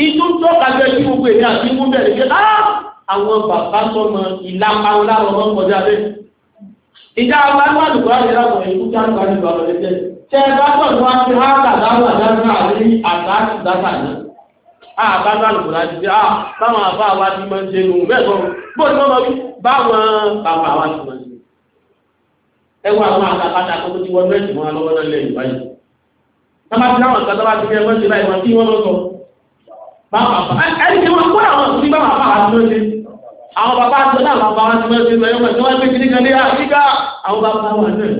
Ìtú tó kàgbẹ́ sí gbogbo èdè àti mú bẹ̀rẹ̀ pé àwọn bàbá sọmọ ìlàpá láwọn ọmọ kọjá bẹ́ẹ̀. Ìjà àwọn aláwàdùkọ́ àjẹ́láwọ̀ ìlú tí a ń gbà nípa lọ́dẹ́ tẹ́. Tẹ́ ẹ bá tọ̀ ní wá sí háàkà láwọn àdáńdá àti àtàkì dátà náà. Àbábá lùkùnrin àti bí táwọn àbá wa ti máa ń ṣe nù bẹ́ẹ̀ sọ bóyá wọ́n lọ bí báwọn bàbá wa ti máa ń ṣe. Ẹ wá àwọn àtàkàtà tó ti wọ́n mẹ́sì wọn lọ́wọ́ náà lẹ́yìn Àwọn bàbá àti ọ̀nà àwọn bàbá àti mẹ́rin ìlú ẹ̀yọ́mọ̀ tí wọ́n gbé kìí kan ní àríká ah, àwọn bàbá wà náà.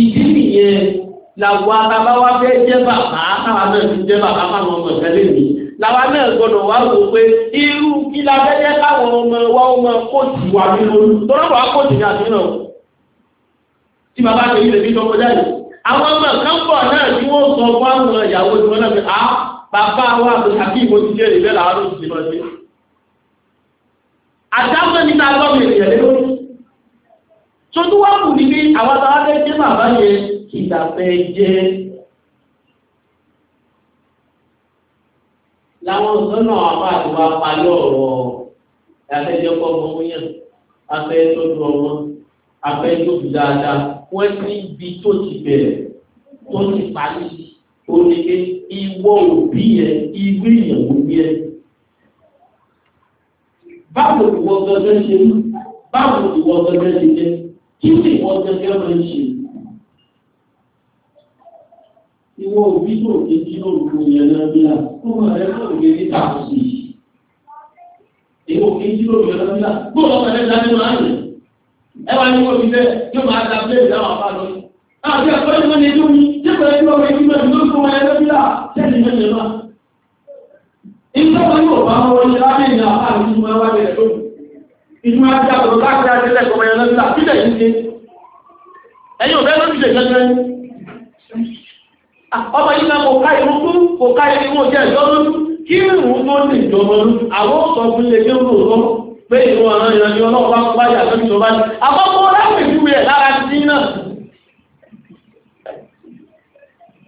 Ìdí nìyẹn làwọ àtàbá wá fẹ́ jẹ́ bàbá àtàwà náà ti jẹ́ bàbá fáwọn ọmọ ìtẹ́lẹ̀ mi. Làwa náà gbọ́dọ̀ wá la fẹ́ jẹ́ káwọn ọmọ wa ọmọ kóòtù wà nínú tọ́lọ́pàá kóòtù ní àti náà. Tí bàbá àti ìlẹ̀ mi tọkọjá yìí, àwọn ọmọ kan pọ̀ náà tí wọ́n bàbá wa àti hakim ó ti jẹ́ ìbẹ́ làárọ̀ sí lọ sí àdámọ́ ní ta gbọ́ mi ènìyàn lé lórí tó tó wá kù níbi àwọn àtàwọn fẹ́ jẹ́ bàbá yẹn ìgbà fẹ́ jẹ́ láwọn sọ́nà àwọn àdúgbò apalẹ́ ọ̀rọ̀ afẹ́jọ́ kọ́ ọmọ yẹn afẹ́ tọ́jú ọmọ afẹ́ tóbi dáadáa wọ́n ó ní pé ìwọ òbí ẹ ìwé ìyàwó bí ẹ báwo ìwọ gẹ́gẹ́ ṣe báwo ìwọ gẹ́gẹ́ ṣe jẹ kí ni ìwọ gẹ́gẹ́ máa ń ṣe ìwọ òbí tó ké kí ló kú yẹn náà bí i kó máa rẹ kó òkè ní tààkì ìwọ òkè kí ló yẹn náà bí i kó lọ́wọ́ rẹ dání máa rẹ ẹ wá ní wọ́n fi bẹ́ẹ̀ yóò máa ta bẹ́ẹ̀ dáhùn àbá lọ. àti àpẹẹrẹ wọn ni tẹ́lẹ̀ mẹ́lẹ̀ náà. Ìjọba yóò bá wọ́n ní lábẹ́ ìrìn àpá àti ìjọba wà lẹ̀ lóòrùn. Ìjọba ti àbọ̀rọ̀ láti àti ilẹ̀ kọmọ ẹ̀rọ nílà sílẹ̀ yìí ṣe. Ẹ̀yin òbẹ́ ló dìde gẹ́gẹ́. Ah, ọmọ yìí náà kò ká ìrúkú, kò ká ìrúkú jẹ́ ìjọ lójú. Kí ìrùn tó ní ìjọba lójú, àwọn sọ fún ilé tó kò rọ pé ìrùn àwọn ìrìn àjọ náà bá ń pàyà lójú tó bá ní. Àkọ́kọ́ láti ìjúwe ẹ̀ lára ti náà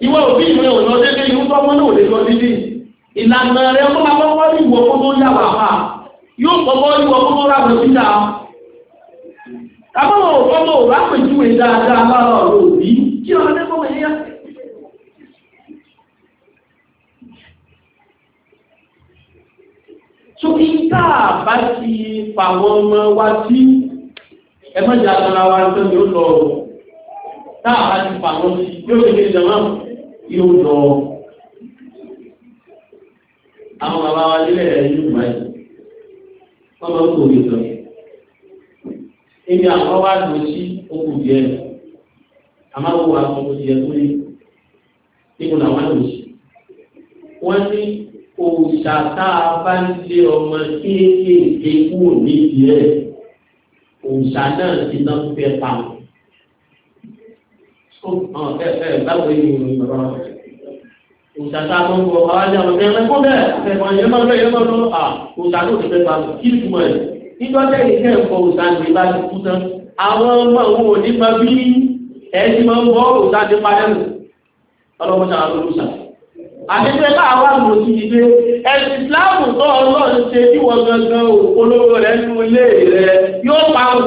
ìwọ òbí ìwé òlọ dédé ìlú tọ́mọ́ náà lè lọ dídí ìlànà rẹ ọmọ akọ́kọ́ ní ìwọ kó tó yà wàhà yóò kọ́kọ́ ìwọ kó tó rà lọ́síta àbọ̀wọ̀ ọmọ òlápẹ̀júwe dáadáa lára ọ̀rọ̀ òbí kí ọmọdé kọ́ wẹ̀ yá tó kí tá a bá ti fàwọn ọmọ wa sí ẹgbẹ́jà ara wa tó ní ó lọ tá a bá ti fàwọn sí yóò ṣe kéde jẹ̀mọ́ yóò lọ àwọn bàbá wa nílẹ̀ yóò máa yìí wọ́n máa ń kó omi lọ. Ebi àwọn wá lò sí okùn díẹ̀ àmọ́ wọ́n wá okùn díẹ̀ tó ní nínú làwọn lò sí. Wọ́n ní òòṣà tá a bá ń lé ọmọ kéékèèké kúrò ní ìdí rẹ̀ náà ti náà fẹ́ pa wọn báwo ni ìrọ̀rọ̀ òṣàtà àkọ́kọ́ àwọn ajá ọ̀rọ̀ ẹ̀rẹ́ kó bẹ́ẹ̀ ẹ̀fọ̀n yẹn máa ń rẹ̀ yẹn máa ń lọ à òṣà tó ti fẹ́ bá kí ni túmọ̀ ẹ̀ nígbà tẹ́ ìṣe ẹ̀kọ́ òṣà ní bá ti kú tán àwọn ọmọ òun ò ní máa bí ẹ ti máa ń bọ́ òṣà ti parẹ́ nù ọlọ́mọṣà àlọ́lọ́ṣà. àtẹ́fẹ́ káàwá lò sí ibi ẹ̀sìn Islam tó ọlọ́run ṣe tí wọ́n gangan òpolówó rẹ̀ nínú ilé rẹ̀ yóò parun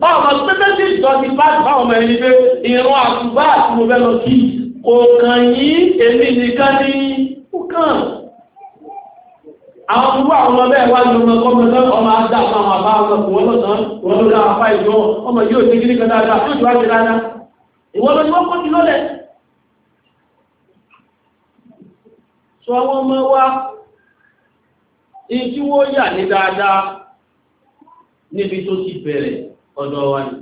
ọmọ pẹ́pẹ́ sí ìjọbi bá báwọn ọmọ ẹni pé ìrún àtúbá àti mo fẹ́ lọ kí òkàn yìí èmi nìkan ní òkàn àwọn ọmọ àwọn ọmọ bẹ́ẹ̀ wá ní ọmọ gọ́ọ̀mọ̀ ọmọ adá àwọn àbá ọmọ wọn lọ́sàn wọn ló dá apá ìjọ ọmọ yóò ṣe kí ní kan dáadáa yóò wá ṣe yà ní dáadáa níbi tó ti bẹ̀rẹ̀ ọ̀dọ̀ wa ni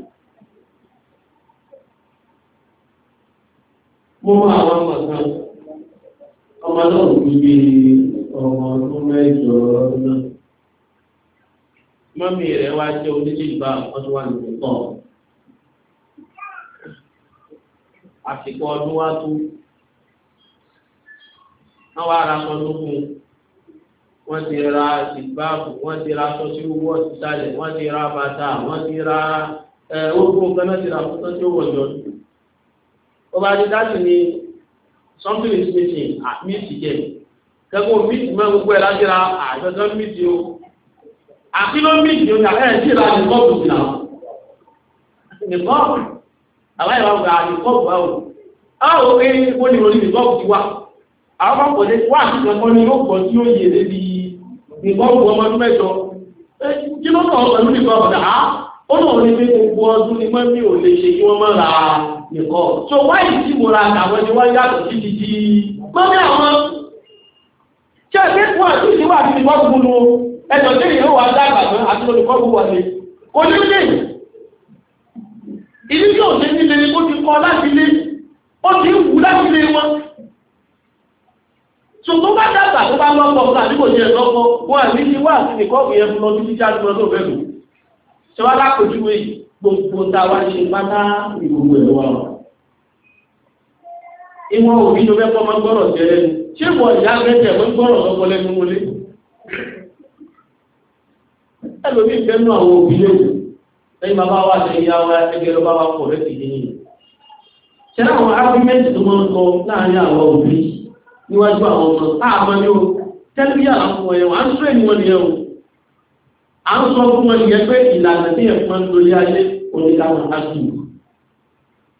mo máa wá ọmọ náà kú bí ọmọ ọdún mẹ́jọ náà mọ́mí rẹ̀ wá jẹ́ oníjìlbá ọdún wà ní pọ̀ àsìkò ọdún wá sọ lókun wọ́n ti ra ìgbàgbọ́ wọ́n ti ra aṣọ tí ó wọ̀ sísàlẹ̀ wọ́n ti ra bàtà wọ́n ti ra ẹ kan náà ra fún tọ́jú owó ọjọ́ ọba adidasi ni something is missing at meet again kẹ́kọ̀ọ́ meet mẹ́ gbogbo ẹ̀ láti ra àjọjọ́ meet o àti ló meet yóò ní àbẹ́rẹ́ sí ra nìkan kù sí náà nìkan àbáyé wa gba nìkan kù báwo báwo pé wọ́n ní wọ́n ní nìkan kù ti wá àwọn ọkọ̀ ní wá àti nìkan ni ó pọ̀ tí ó yẹ lébi nìkan wù ọmọ ọdún mẹ́jọ kí ló kàn pẹ̀lú nìkan ọ̀dà á ó náà ní pé gbogbo ọdún ni mọ́mí ò lè ṣe kí wọ́n mọ́ ra nìkan so why tí mo ra àwọn ẹni wáyé àtọ̀ sí ti di mọ́mí àwọn ṣe é pé wọ́n àti ìṣèwà àti nìkan gbogbo ẹ̀tọ́ tí ìyẹn wà dàgbà tán àti olùkọ́ gbogbo ọ̀sẹ̀ kò ní lè ìdí tí òṣèlú lè ní kó ti kọ́ láti lé ó ti ń wù láti lé wọn ṣùgbọ́n bá dàgbà tó bá lọ́pọ̀ fún àdúgbò ọkọ ẹ̀lọ́pọ̀ wọn àmì ti wà sí ní kọ́ọ̀bù yẹn fún ọdún jíjá lọ tó bẹ̀rù ṣe wá lápòjúwe gbogbo ta wá ṣe pátá ìgbogbo ẹ̀rọ wa ìwọ̀n wa lẹ́yìn ìyá wa níwájú àwọn ọmọ àmọ́ o tẹ́lẹ̀bí àwọn ẹ̀yẹ̀ wọ́n á ń sọ ìwọ̀n ni a ń sọ fún wọn yẹ pé ìlànà tí ẹ̀fọn lórí ayé oníkàwọn àti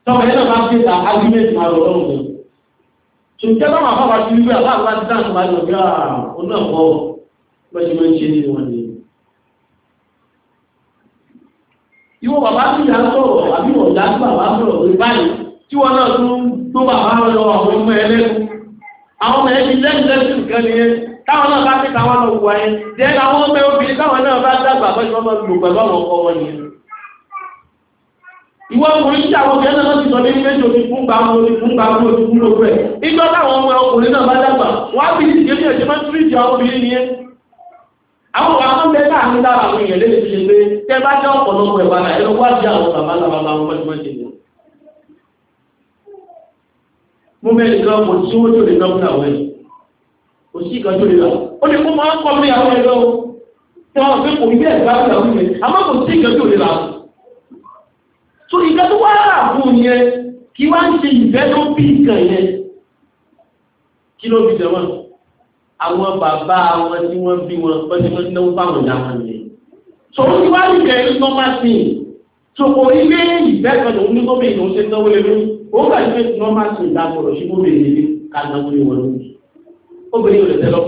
tọ́pẹ̀ yẹn náà bá fi ta argument máa lọ lọ́rùn rẹ̀ ṣùgbọ́n láwọn àbábá ti wípé aláàbá ti dáhùn máa lọ bí ọ̀nà ọ̀pọ̀ lọ́jọ́ máa ń ṣe nínú wọn ni ìwọ bàbá sì yà ń sọ̀rọ̀ lóye táwọn náà bá ti táwọn lọ wà yẹn jẹ́ làwọn ọmọ obìnrin táwọn náà bá dàgbà bọ́ ìwọ́n máa lò pẹ̀lú àwọn ọkọ wọn yẹn. ìwọ ọkùnrin tí àwọn obìnrin náà ti sọ ní méjì òní fún gbàmù òní fún gbàmù òní fún lóko ẹ̀ ìjọ táwọn ọmọ ọkùnrin náà bá dàgbà wọ́n á bí ìdíje ní ẹ̀jẹ̀ máa ń tírìjì àwọn obìnrin yẹn àwọn bàbá ń bẹ káàmì lára àwọn èèyàn lè ṣe pé tẹ bá jẹ ọ̀pọ̀lọpọ̀ ẹ̀bá náà ẹ̀rọ wá jẹ àwọn bàbá lára àwọn mọ́júmọ́jì ni mo mẹ́rin kan kò tí wọ́n tó lè dọ́kítà wẹ̀ kò sí ìkàjú rẹ̀ lọ. ó lè kó máa ń kọ́ lórí àwọn ẹ̀rọ tí wọ́n fi kò ní bẹ́ẹ̀ bá wà wúyẹ àmọ́ kò sí ìkàjú rẹ̀ lọ. tó ìkà tó wá rà fún yẹn kí wá ń ṣe ìfẹ́ tó bí ìkàn yẹn kí ló fi jẹ̀wọ́n àwọn bàbá wọn tí wọ́n bí wọn wọ́n ti wọ́n náwó fáwọn ìyá wọn yẹn. sọ̀rọ̀ ti wá ní kẹ́rin normal thing tó kò ní lé ìfẹ́ kan lòun ní gómìnà ó ṣe náwó obìnrin ò lè tẹ́lọ.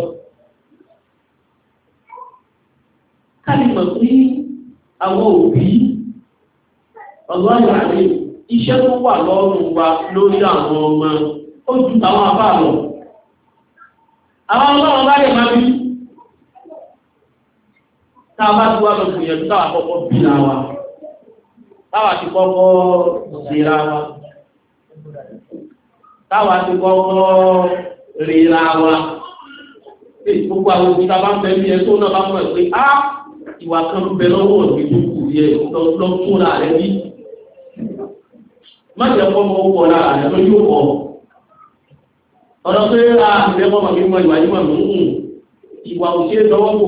Káàlì mọ̀ sí àwọn òbí ọ̀gọ́ àyàrí iṣẹ́ tó wà lọ́rùn wa lórí àwọn ọmọ ó ju àwọn àbá lọ. Àwọn ọlọ́run bá lè máa bí. Tá a bá ti wá lọ gbìyànjú táwa kọ́kọ́ bí ra wa. Táwa ti kọ́kọ́ sí ra wa. Táwa kọ́kọ́ ríra wa pé gbogbo àwọn òbí ta bá ń bẹ bí ẹ tó náà bá mọ̀ pé á ìwà kan ń bẹ lọ́wọ́ mi tó kù yẹ lọ fúnra rẹ bí má jẹ́ kọ́ mọ́ wọ lára rẹ ló yóò kọ́ ọ̀rọ̀ pé a ìfẹ́ mọ́ màmí mọ́ ìwà yìí mọ̀ mí ń ìwà òṣèré lọ́wọ́ kò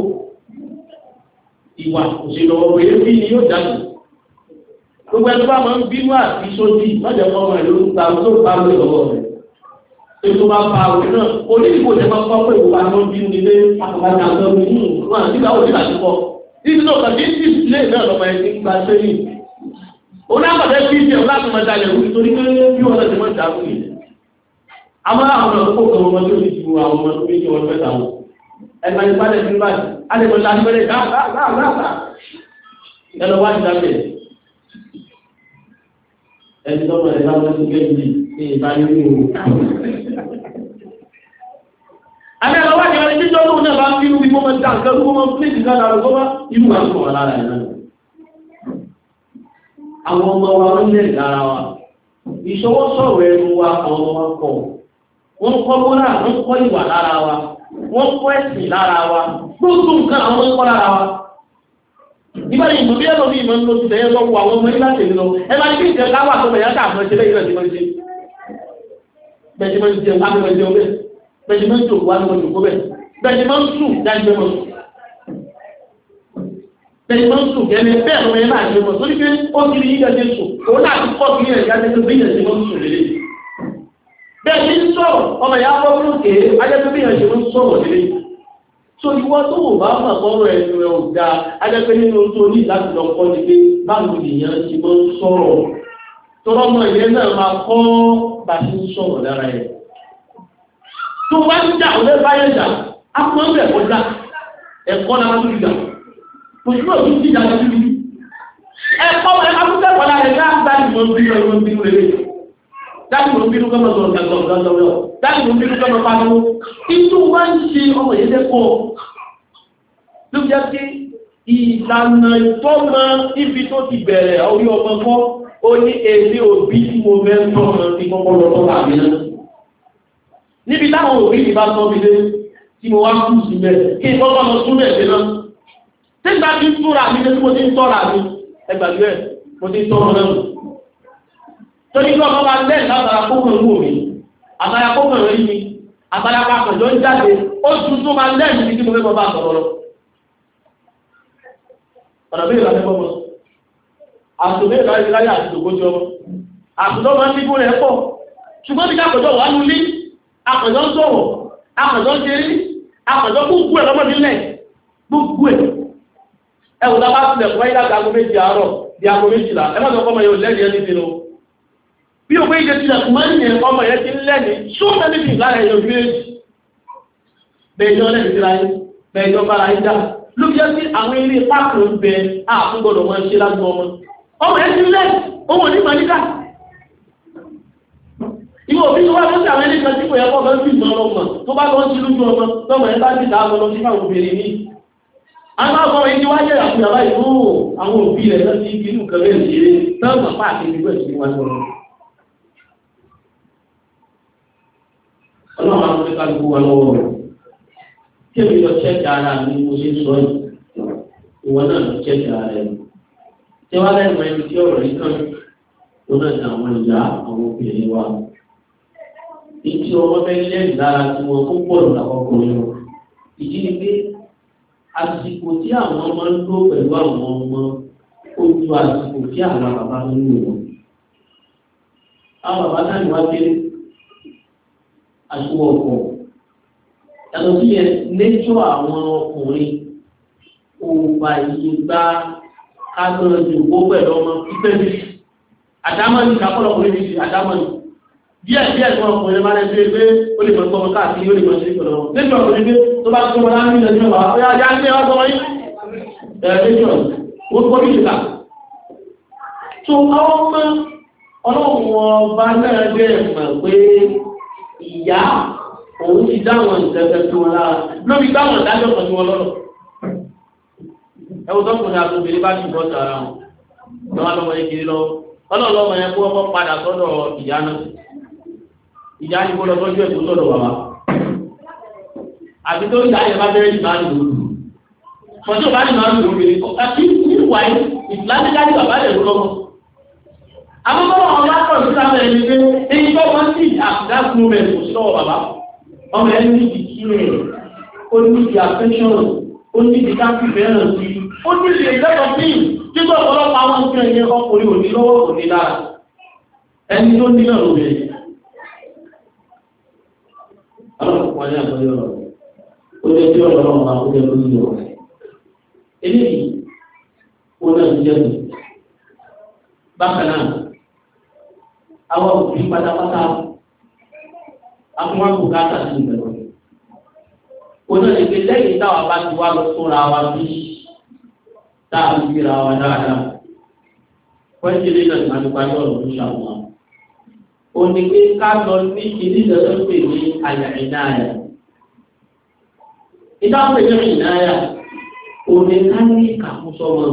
ìwà òṣèlú ọ̀rọ̀ èébí ni yóò dájú. Gbogbo ẹni bá máa ń bínú àti sódì lọ́jọ́ fọmọ ìlú ta ètò bá ba òwe náà onídìbò tẹ máa kọ́ pé ìwà ló ń bí nílé àtàkàtà àtọ́ mi nù wọn àti ìgbà òní láti kọ́ títí náà kàdé tí ìdílé náà lọ́mọ ẹ̀ ti gba sẹ́yìn onápàdé bí ìdí ọ̀la tó máa dalẹ̀ wù nítorí pé bí wọn ti máa dàrú yìí àmọ́ àwọn ọ̀nà kó kan ọmọ tó ti ju àwọn ọmọ tó méjì wọn fẹ́ta wọn ẹgbẹ́ ìpàdé ti ń bàjẹ́ alẹ́ mọ̀ ẹni tọ́wọ́ ẹ̀ láwọn tó gẹ́ ìdí ní ìbáyé ní òun. Àbẹ́ ọwọ́ àjọ ẹni títọ́ lóun náà bá ń bínú bí mo dá nǹkan tó máa ń pèsè náà lọ inú wa ń lára ẹ̀ Àwọn ọmọ wa ń lẹ̀ dára wa. Ìṣọwọ́ sọ̀rọ̀ ẹnu wa ọmọ wa kọ̀. Wọ́n kọ́ bọ́lá, wọ́n kọ́ ìwà lára wa. Wọ́n kọ́ ẹ̀sìn lára wa. Gbogbo nǹkan àwọn ń kọ́ lára wa nígbà tí ìmọ̀ bí ẹ̀rọ mi ìmọ̀ ń lo ti tẹ̀yẹ lọ́wọ́ àwọn ọmọ nígbà tèmi lọ ẹ máa ní ìjẹ káwà tó bẹ̀yà ká àmọ́ ṣẹlẹ̀ ìrẹsì máa ń ṣe bẹ́ẹ̀ni máa ń jẹ àmì máa ń jẹ ọbẹ̀ bẹ́ẹ̀ni máa ti rí yíyá ti sùn òun náà ti kọ́ sí yẹn ìyá ti ń sùn so ìwọ tó wò bá mà kọ́rọ̀ ẹnu ẹ̀ ò dáa ajẹ́pẹ́ nínú tó ní láti lọ kọ́ ni pé báwo nìyẹn ti mọ́ ń sọ̀rọ̀ tọrọ ọmọ ìyẹn náà máa kọ́ bá ti ń sọ̀rọ̀ lára ẹ̀ tó bá ń jà ọ̀lẹ́ báyẹ̀ jà á mọ́ ń bẹ̀kọ́ dá ẹ̀kọ́ náà tó jà kò sí òtún sí ìjà lọ́sí ẹ̀kọ́ ẹ̀kọ́ tó tẹ̀kọ́ lára ẹ̀ dáàbì ló ń bínú kọ́mọ sọ̀rọ̀ gàgọ̀ gàgọ̀ dáàbì ló ń bínú kọ́mọ pariwo inú wá ń ṣe ọmọ yẹn lẹ́kọ̀ọ́ ló jẹ́ pé ìlànà ìtọ́mọ ibi tó ti bẹ̀rẹ̀ orí ọmọ kọ́ ó ní èdè òbí tí mo fẹ́ tọ́mọ ti kọ́kọ́ lọ tọ́ tàbí náà níbi táwọn òbí ti bá tọ́ mi dé tí mo wá kú sí bẹ́ẹ̀ kí n kọ́kọ́ lọ sún bẹ́ẹ̀ náà nígbà tí ń túra mi dé tí mo ti ń tọ́ra mi náà torí bí ọmọ bá ń bẹ́ẹ̀ lábàrá kókò ń wò mí àbára kókò ń rí mi àbára papọ̀ ló ń jáde ó tuntun máa ń lẹ́yìn títí mo fẹ́ bọ́ bá sọ̀rọ̀ lọ. ọ̀nà bí ìlànà ẹgbọ́n mọ́ àtúntò ìlànà ìlànà láyé àti ògbójú ọmọ àtúntò máa ń dínkù rẹ̀ pọ̀ ṣùgbọ́n bí kápẹ̀jọ wà nulí àpẹ̀jọ ń sọ̀rọ̀ àpẹ̀jọ ń ṣeré àpẹ̀jọ gbogbo ẹ̀ lọ́mọ nílẹ̀ gbogbo ẹ̀ ẹ̀wọ̀n tá a bá tilẹ̀ fún ẹ̀yìn láti aago méjì àárọ̀ di aago méjìlá ẹ má sọ fọmọ yóò lẹ́yìn ẹni ti lọ bí o pé ìjẹ́ ti ẹ̀kùn máa ń yẹ ọmọ yẹn ti lẹ́ni ṣóòtẹ́ níbi ìlànà ẹ̀yọ̀ bí èjì bẹ̀ẹ̀jọ́ lẹ́ni ti ráyé bẹ̀ẹ̀jọ́ bára ń dà ló jẹ́ sí àwọn ilé páàkì ń bẹ ààfún gbọ́dọ̀ wọn ṣe lágbọ́ ọmọ ọmọ yẹn ti lẹ́ni ohun òní máa nídà ìwọ òbí tó wá ló sí àwọn ilé kan tí kò yẹ kọ́ bá ń fi ìmọ̀ ọmọ tó bá lọ sí lójú ọmọ lọ́mọ yẹn bá ti dà lọ sí àwọn obìnrin ní àwọn ọmọ yẹn ti wá jẹ́ àfihàn báyìí fún àwọn òbí rẹ̀ lọ sí inú kan rẹ̀ ṣeré táwọn bàbá àti ìgbẹ́ ìṣẹ́ wọn lọ́rùn ọlọ́run máa ń fi kálukú wa lọ́wọ́ rẹ̀ kí èmi lọ ṣẹ́ẹ̀kì ara mi mo ṣe sọ yìí ìwọ náà lọ ṣẹ́ẹ̀kì ara rẹ̀ tí wọ́n láì mọ ẹni tí ọ̀rọ̀ yìí kàn ó náà ti àwọn ìyá àwọn obìnrin wa ìdí ọmọ bẹ́ẹ̀ lẹ́yìn lára tí wọ́n tó pọ̀ lù lákọ́kọ́rin wọn ìdí ni pé àsìkò tí àwọn ọmọ ń lò pẹ̀lú àwọn ọmọ ó ju àsìkò tí àwọn bàbá ń lò wọn. àwọn bàbá náà ni wá kéré àti ọkọ̀. Yàtọ̀ sí yẹn, nẹ́tọ́ àwọn ọkùnrin kò bá iye gbá kágbọ́n ju owó pẹ̀lú ọmọ pípẹ́ mi. Àdámọ́ni kápọ́lọ̀ ọkùnrin mi ti àdámọ́ni. Díẹ̀ díẹ̀ tí wọ́n ọkùnrin máa ń ṣe pé ó lè mọ̀ ọmọ káàkiri ó lè mọ̀ sí ìpọ̀lọ́. Nẹ́tọ́ ọkùnrin pé tó bá tó wọn láti ní ìlú ọ̀wá, ó yá yá ń gbé wá sọ́wọ́ Tó àwọn ọmọ ọlọ́run ọba náà bẹ̀rẹ̀ pé ìyá òun ti dáwọn ìtẹ́tẹ́ tí wọ́n lára lórí báwọn ìdájọ́ kan tí wọ́n lọ́rọ̀ ẹwọ́n tọ́kùnrin àtòbìnrin bá ti bọ́ sára wọn lọ́wọ́ lọ́wọ́ yẹn kiri lọ́wọ́ ọlọ́lọ́wọ́ yẹn kó ọkọ̀ padà sọ́dọ̀ ìyá náà ìyá ni kó lọ tọ́jú ẹ̀kú sọ́dọ̀ bàbá àti tó ń ta ẹ̀bá bẹ́rẹ̀ ìbá ní òòlù pọ̀jọ́ bá ní máa ń lò ó àwọn tó wọn bá kọ̀ sí sábẹ́ ẹni pé èyí tó wọ́n sì àfìdáàfù rẹ̀ kò sọ bàbá ọmọ ẹni ní ìdí kí rẹ̀ ó ní ìdí affection ó ní ìdí káfí fẹ́ràn sí ó ní ìdí ìfẹ́tọ̀ sí títọ́ ọ̀pọ̀lọpọ̀ àwọn nǹkan ẹ̀yẹ ọkùnrin òní lọ́wọ́ kò ní lára ẹni tó ní náà lóbi ọlọ́pàá ní àgbáyọ̀ ó jẹ́ tí ọ̀rọ̀ ọmọ àkójọ tó àwọn òbí pátápátá akúnwákò káàkà sí ìbẹ̀rẹ̀ rẹ̀. Oná lè fi lẹ́yìn táwa bá ti wá lọ sóra wa bí táà ń gbéra wa dáadáa. Pẹ́ńtì lè lọ́dún adúgbàjọ́ ọ̀rọ̀ ló ṣàwọn. O ní pé ká lọ ní kìíní lọ́dọ̀ pè ní àyà ìnáyà. Ìdáhùn ìjọba ìnáyà, òní ká ní ìkàkùn sọmọ.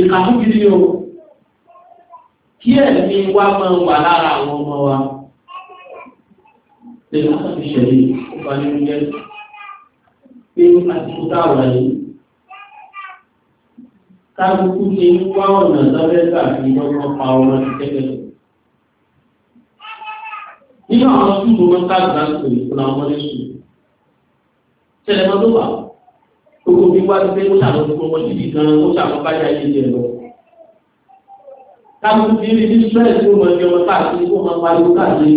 Ìkàkùn gidi yóò kí ẹ̀mí wa máa wà lára àwọn ọmọ wa lẹ́yìn láti ṣẹlẹ̀ ọba nínú jẹ́ pé àtìkú táwà yìí káàkùkù ti ń wá ọ̀nà lọ́rẹ́gbà fi lọ́wọ́ pa ọmọ ti tẹ́lẹ̀ nínú àwọn túbù wọn káàkùkù àti ìfúnra wọn ní sùn ṣẹlẹ̀ mọ́tò wà gbogbo bí wá ti pé ó ṣàlọ́ fún ọmọ títí gan ó ṣàlọ́ káàkiri ti rí ní stress tó mọ̀ ní ọmọ káàkiri kó máa pariwo káàkiri.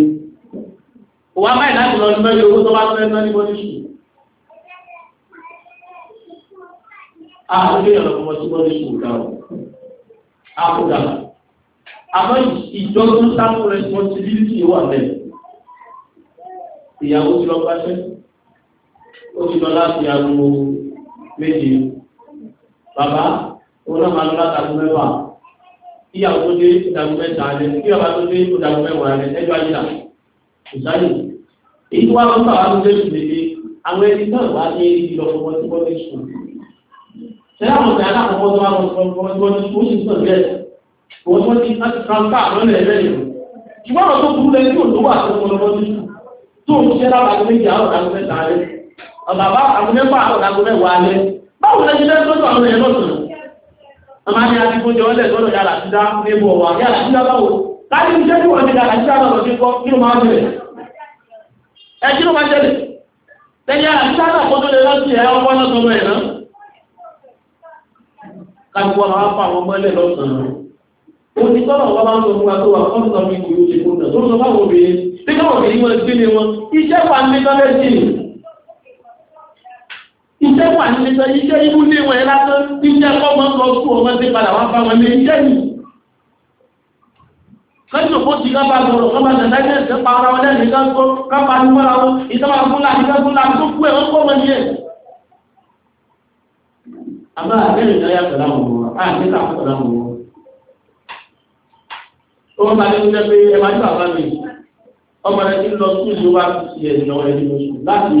Òwá báyìí láti lọ ní mẹ́rin owó tó bá fẹ́ náà ní mọ́tò sùn. A kò gbé ọ̀rọ̀ fún ọtí mọ́tò sùn ga A kò dà. Àmọ́ ìjọba tó sáfù responsibility wà bẹ́ẹ̀. Ìyàwó ti lọ pàṣẹ. Ó ti lọ láti aago méje. Bàbá, òun náà máa lọ láti aago mẹ́fà ìyàwó tó dé ìdàgbò mẹ́ta alẹ́ kí ọba tó dé ìdàgbò mẹ́wàá alẹ́ ẹjọ́ ayé là ìsáyè èyí tó wá lọ sọ àwọn tó dé àwọn ẹni náà wá ní ìlọ fọwọ́ tí wọ́n ti sùn sẹ́yà àwọn ọ̀gá alákọ̀ọ́kọ́ tó wá lọ sọ fọwọ́ tí wọ́n ti sùn ó sì sọ bẹ́ẹ̀ kò wọ́n ti láti transfer àwọn ẹ̀rẹ́ rẹ̀ yìí ṣùgbọ́n àwọn tó burú lẹ́yìn tó lówó àtọ́kọ́lọ́wọ́ ti sùn tó ń ṣe lábàá méjì àwọn ọ̀gá mẹ́ta alẹ́ ọ̀gá àwọn mẹ́fà àwọn ọ̀gá mẹ́wàá alẹ́ báwo lẹ́yìn lẹ́yìn tó Màmá ní ọlẹ̀ lọ́dọ̀ yàrá sídá níbo wà. Yàrá sídá báwo? Láti ń jẹ́jú wọn ní yàrá sídá lọ́dọ̀ sí kọ́ kí ló máa ló máa kó tó lè ẹ̀ ẹ̀ náà. lọ́sàn-án. wa iṣẹ́ wà nílé sọ iṣẹ́ ibú ní ìwọ̀n lásán iṣẹ́ kọ́mọ́ lọ sí ọmọ sí padà wá bá wọn ní iṣẹ́ yìí kẹ́jọ kó ti ká bá lọ́rọ̀ kọ́ bá dàdá ilé ẹ̀sẹ̀ pa ara wọn lẹ́nu ìdá tó ká bá ní mọ́ra wọn ìdáwà fúnlá ìdá fúnlá tó kú ẹ̀ ọkọ̀ wọn yẹ. àmọ́ àbẹ́rẹ̀ ìdáyà pẹ̀lú àwọn ọmọ àti ìta pẹ̀lú àwọn ọmọ. ó wọ́n bá ní ilé pé ẹ máa ń bàbá mi ọmọ rẹ ti lọ sí ìlú wa ti ẹ̀ lọ́wọ́ ẹni lóṣù láti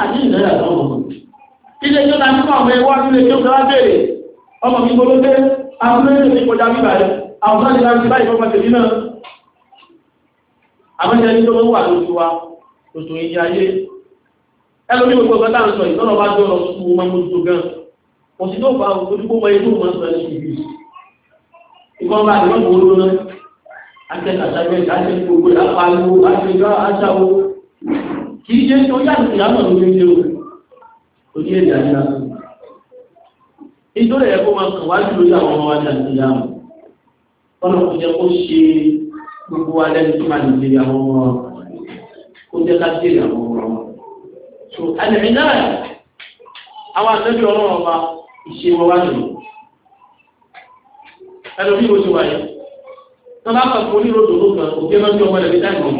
àní ìnáyà lọ́wọ́ ilé tó ta nípa ọmọ ẹwà nílé tó fẹ́ wá bèèrè ọmọ mi gbogbo pé àwọn ẹ̀rẹ́ ti kọjá bíbà rẹ̀ àwọn náà ti láti ti báyìí fọ́pọ̀ tèmi náà àwọn ẹni tó wà lójú wa òtò ìyá ayé ẹlòmí gbogbo ọgbọ́n táà ń sọ ìtọ́nà bá jọ lọ sùn wọn mú tó gan mo sì tó fa olùkó wọn inú wọn sọ ẹni ìbí ìbọn bá ìbọn bò ó lóná akẹ́kọ̀ọ́ àtàgbẹ̀ ìdájẹ́ gbogbo àpá kìí jẹ́ tó yàtọ̀ ìyàmọ̀ ló ní ilé òun ó ní èdè àjá ìjọ rẹ̀ kó máa kàn wájú lórí àwọn ọmọ wájú àti ìyàmọ̀ ọ̀nà kò jẹ́ so àlẹ́ náà àwọn àtẹ́jú ọ̀rọ̀ ọba ìṣe wọn wájú ẹnu bí mo ti wáyé tọ́lá kan kò ní ròdòdó kan òkè lọ́jọ́ ọmọ rẹ̀ bí táìmọ̀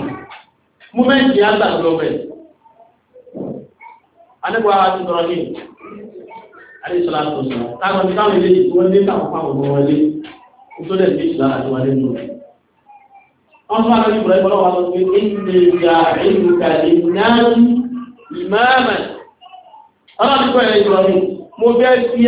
mo fẹ́ jẹ́ àgbàdo ọmọ adẹ́gbà tuntun ní àdíṣọ́lá tó sọ táwọn táwọn ilé tí wọ́n dé táwọn fáwọn ọmọ wọlé tó dẹ̀ bí ìṣìlára tó wọlé nù wọ́n tó wà lórí ìbúrẹ́ ìbọ́lọ́ wa lọ pé ilé ìjà ìlú kàlẹ̀ náà ìmáàmà ọlọ́run kọ́ ẹ̀rẹ́ ìbúrọ̀ mi mo bẹ́ fi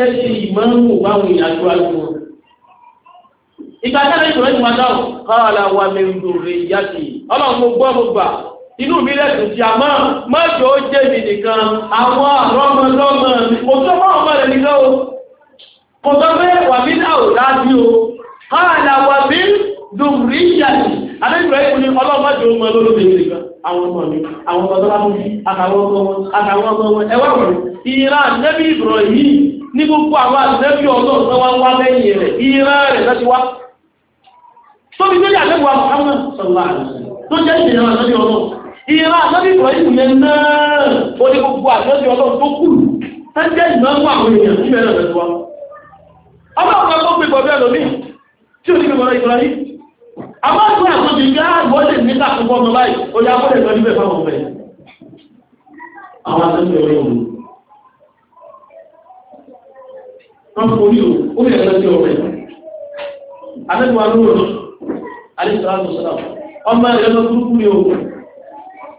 ẹ́ ṣe inú mi lẹ́sùn ti àmọ́ mọ́jọ ó jẹ́ mi nìkan àwọn àrọ́mọlọ́mọ kò tó mọ́ ọmọ rẹ̀ nìkan o kò tó fẹ́ wà bí náà ò dájú o káàlà wà bí dùnrí yàtì adébìrẹ́ ìpínlẹ̀ ọlọ́mọdé ọmọ olóògbé nìkan àwọn ọmọ mi àwọn ọmọ tó lábúrí àtàwọn ọmọ wọn àtàwọn ọmọ wọn ẹwà wọn ìran nẹ́bí ìbùrọ̀ yìí ní gbogbo àwọn àtẹ́bí ọlọ́run tó wá wá lẹ́yìn rẹ̀ ìran rẹ̀ láti wá tóbi tó yà lẹ́wọ̀ àwọn ọmọ sọ̀rọ̀ àrùn tó jẹ́ ìrìn àwọn àtẹ́bí ọlọ́run ìran àlọ́bí ìbọ̀yìn yẹn náà ó ní gbogbo àjọ́sí ọlọ́run tó kù tẹ́jẹ́ ìmọ̀ọ́mọ́ àwọn èèyàn sí mẹ́rin rẹ̀ wá ọlọ́run kan tó gbé bọ̀bí ẹlòmí tí ò ní gbogbo ìbọ̀rọ̀ yìí àwọn ìgbà tó ti gbé àgbọ́lẹ̀ ní tàkùnkọ́ ọmọ báyìí ó yá gbọ́lẹ̀ lọ níbẹ̀ fáwọn ọmọ yìí àwọn àtẹ́sẹ̀ orí òun wọ́n forí òun ó lè ẹ̀rọ sí ọmọ yìí àtẹ́sẹ̀ wa lóòrùn alẹ́ sọ́lá ọmọ ẹ̀rọ tó kú ní òun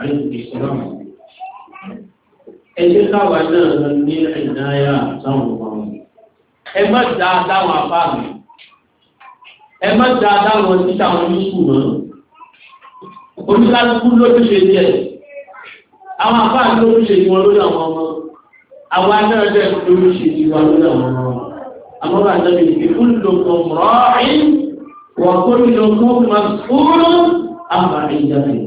àìsìkìsìlámù ẹjẹ́ káwà náà ní ìdáyà sáwọn ọmọ ẹ má dá dáwọn apá mi ẹ má dá dáwọn títà wọn ní sùn mọ́ oníkálukú lójú ṣe díẹ̀ àwọn apá mi lójú ṣe wọn lórí àwọn ọmọ àwọn náà dẹ̀ lójú ṣe wọn lórí àwọn ọmọ àwọn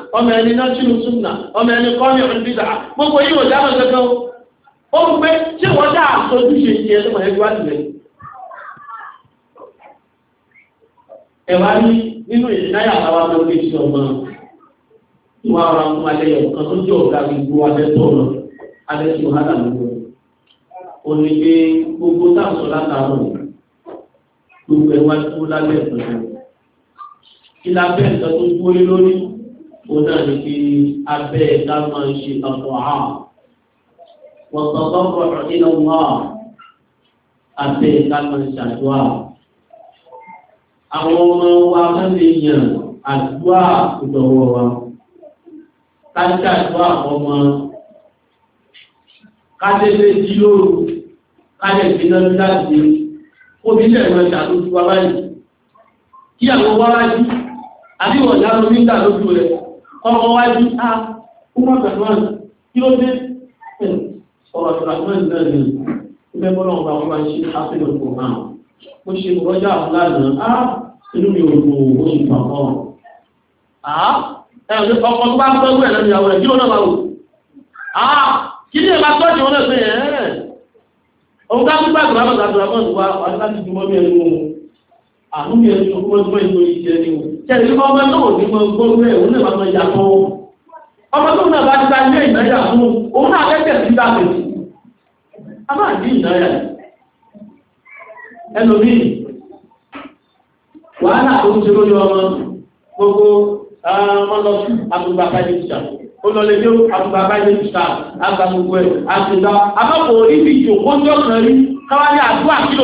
ọmọ ẹni náà sínú súnà ọmọ ẹni kọ́ni ọ̀rìn bídà gbogbo yìí ò dáhùn kankan o ń pẹ́ tí wọ́n dá àtọ́jú ṣe ti ẹni mọ̀ ẹgbẹ́ àtìlẹ́ ẹ̀wá ní nínú ìdáyà àwọn ọmọ orí ti ọmọ ìwà ọ̀rọ̀ àwọn alẹ́yẹ kan tó jẹ́ ọ̀gá gbogbo abẹ́tọ̀ lọ abẹ́tọ̀ hádà lọ́wọ́ òní pé gbogbo táwọn látàrọ̀ gbogbo ẹ̀wá tó lálẹ́ òun في أبي bí abẹ́ ká máa إلى الله أبي ha wọ́n sọ fọ́pọ̀ nínú wọn abẹ́ ká máa ń ṣàdúrà àwọn ọmọ wa lẹ́nu èèyàn àdúrà ìdọ̀wọ́ wa ká ṣàdúrà ọmọ ká tẹ́lẹ̀ jí lóru ká báyìí kí àwọn wá láyé àbí wọ̀n dáná nígbà lójú rẹ̀ kọ́kọ́ wájú á kúmọ̀ pẹ̀lúwọ̀n kí ló dé ọ̀rọ̀ ìrànwọ̀n náà ni ilẹ̀ bọ́lá ọba ọba ṣe àfihàn kò náà mo ṣe ìrọ́jà lánàá á ah, inú mi ò lò ó ṣe pàpọ̀ á ẹ̀rọ ọkọ̀ tó bá ń tọ́jú ẹ̀ lẹ́nu ìyàwó ẹ̀ kí ló náà wà wò á ah, kí ni ìbá tọ́jú wọn náà sí ẹ̀ òun ká gbígbà tó bá bàtà tó bá bàtà tó bá àmúbi ẹni ọgbọ́n tó ẹni orí jẹ ni o tẹ̀lé ní ọmọ náà ní mọ gbọ́rú ẹ̀ òun náà máa yà tọ́ ọmọ tó náà bá ti ta ilé ìnáyà fún òun náà kẹ́kẹ́ sí bá pè sí a máa dín ìnáyà ẹlòmíì wàhálà tó ń ṣe lórí ọmọ gbogbo ọmọ lọ sí àtúgbà káyé ìṣà ó lọ lè dé àtúgbà káyé ìṣà àgbà gbogbo ẹ̀ àtúgbà àbọ̀pọ̀ orí fi ìjòkó ń jọ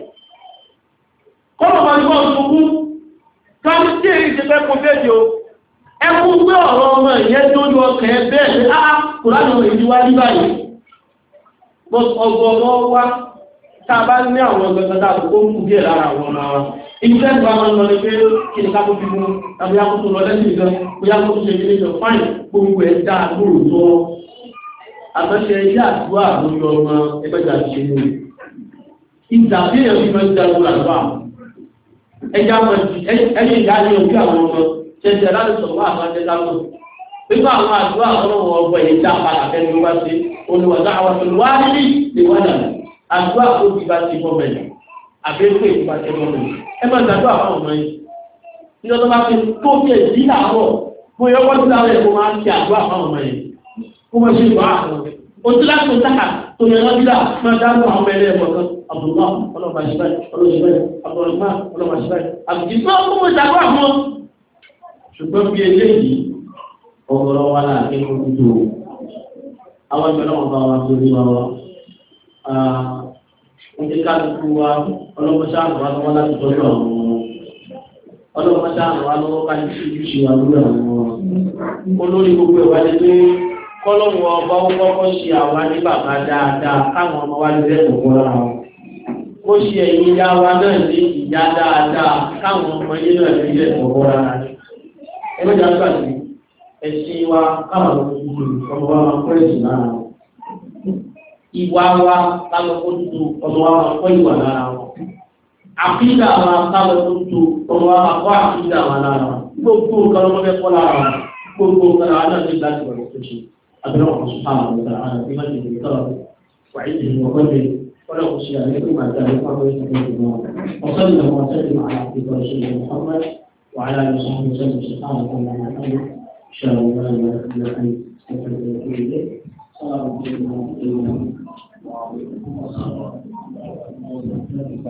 kọ́nà máa ní wọ́n sunkún káàmì tí èyí ti fẹ́ kún fẹ́ jò ẹkú pé ọ̀rọ̀ ọmọ ah, ah, a bá ní àwọn ọgbẹ̀gbẹ̀ tá a kò kún díẹ̀ lára àwọn ọmọ wa ìgbẹ́ ìgbà máa ń lọ ní pé kí ni ká tó fi mú tàbí yá kó tó lọ lẹ́sìn gan bóyá kó tó ṣe ilé ìjọ fáìn gbogbo ẹ̀ dáa lóòótọ́ àtọ́ṣe ilé àdúrà lórí ọmọ ẹgbẹ́jà ṣe ní ìdàbí èèyàn fi máa ń jagun ẹja mọ̀ ẹ̀yìn ìyá ní ojú àwọn ọmọ ṣẹ̀ṣẹ̀ láti sọ̀rọ̀ wá àwọn ẹja mọ̀ pípa àwọn àdúrà ọlọ́wọ́ ọgbọ̀ yìí dá padà fẹ́ni wá sí olùwàdà àwọn tó wá nílí ìwádà àdúrà tó ti bá ti bọ́ bẹ̀rẹ̀ àbẹ́kù èyí bá ti bọ́ bẹ̀rẹ̀ ẹ máa dàdúrà fún ọmọ yìí nígbà tó bá fi tó fi èyí làárọ̀ mo yọ wọ́n ti lárẹ̀ mo máa ń ti àdúrà fún ọmọ Abdullah ọlọ́ba ṣe báyìí ọlọ́ba ṣe báyìí Abdulrahman ọlọ́ba ṣe báyìí àbùkìtọ́ fún ìṣàkóso àwọn ṣùgbọ́n bí eléyìí ọ̀rọ̀ wa láàrin ojú àwọn ìgbẹ̀rẹ̀ ọba wa tó rí wa wọ́n ti ká lókù wa ọlọ́pọ̀ṣá àwọn alọ́wọ́ láti tọ́jú àwọn ọlọ́pọ̀ṣá àwọn alọ́wọ́ ká ní ṣíjú ṣe wà lórí àwọn olórí gbogbo ẹ̀wà ní pé kọ́lọ́mù ọba ó kọ́kọ́ ṣe àwọn ní bàbá dáadáa káwọn ọmọ wa lè rẹ̀ kọ̀ọ̀kan lára wọn ó ṣe ẹ̀yìn ìyá wa náà ní ìyá dáadáa káwọn ọmọ yé náà ní ilẹ̀ ọ̀rọ̀ rárá rẹ̀. ẹgbẹ́ ìjà gbà sí ẹ̀sìn wa káwọn ọmọ wa máa kọ́ ẹ̀sìn lára wọn. ìwà wa kálọ̀ kó tu ọmọ wa máa kọ́ ìwà lára wọn. àfíìdà wa kálọ̀ kó tu ọmọ wa máa kọ́ àfíìdà wa lára wọn. gbogbo nǹkan ọmọ bẹ́ẹ̀ kọ́ lára wọn. gbogbo nǹkan àwọn náà ní láti wà lọ́sọ̀ọ̀ṣẹ̀ ولو خشي عليكم ما كان يفرق يستقيم وصلى الله وسلم على عبدك ورسولك محمد وعلى اله وصحبه وسلم سبحانك اللهم وبحمدك اشهد ان لا اله الا انت استغفرك واتوب اليك السلام عليكم ورحمه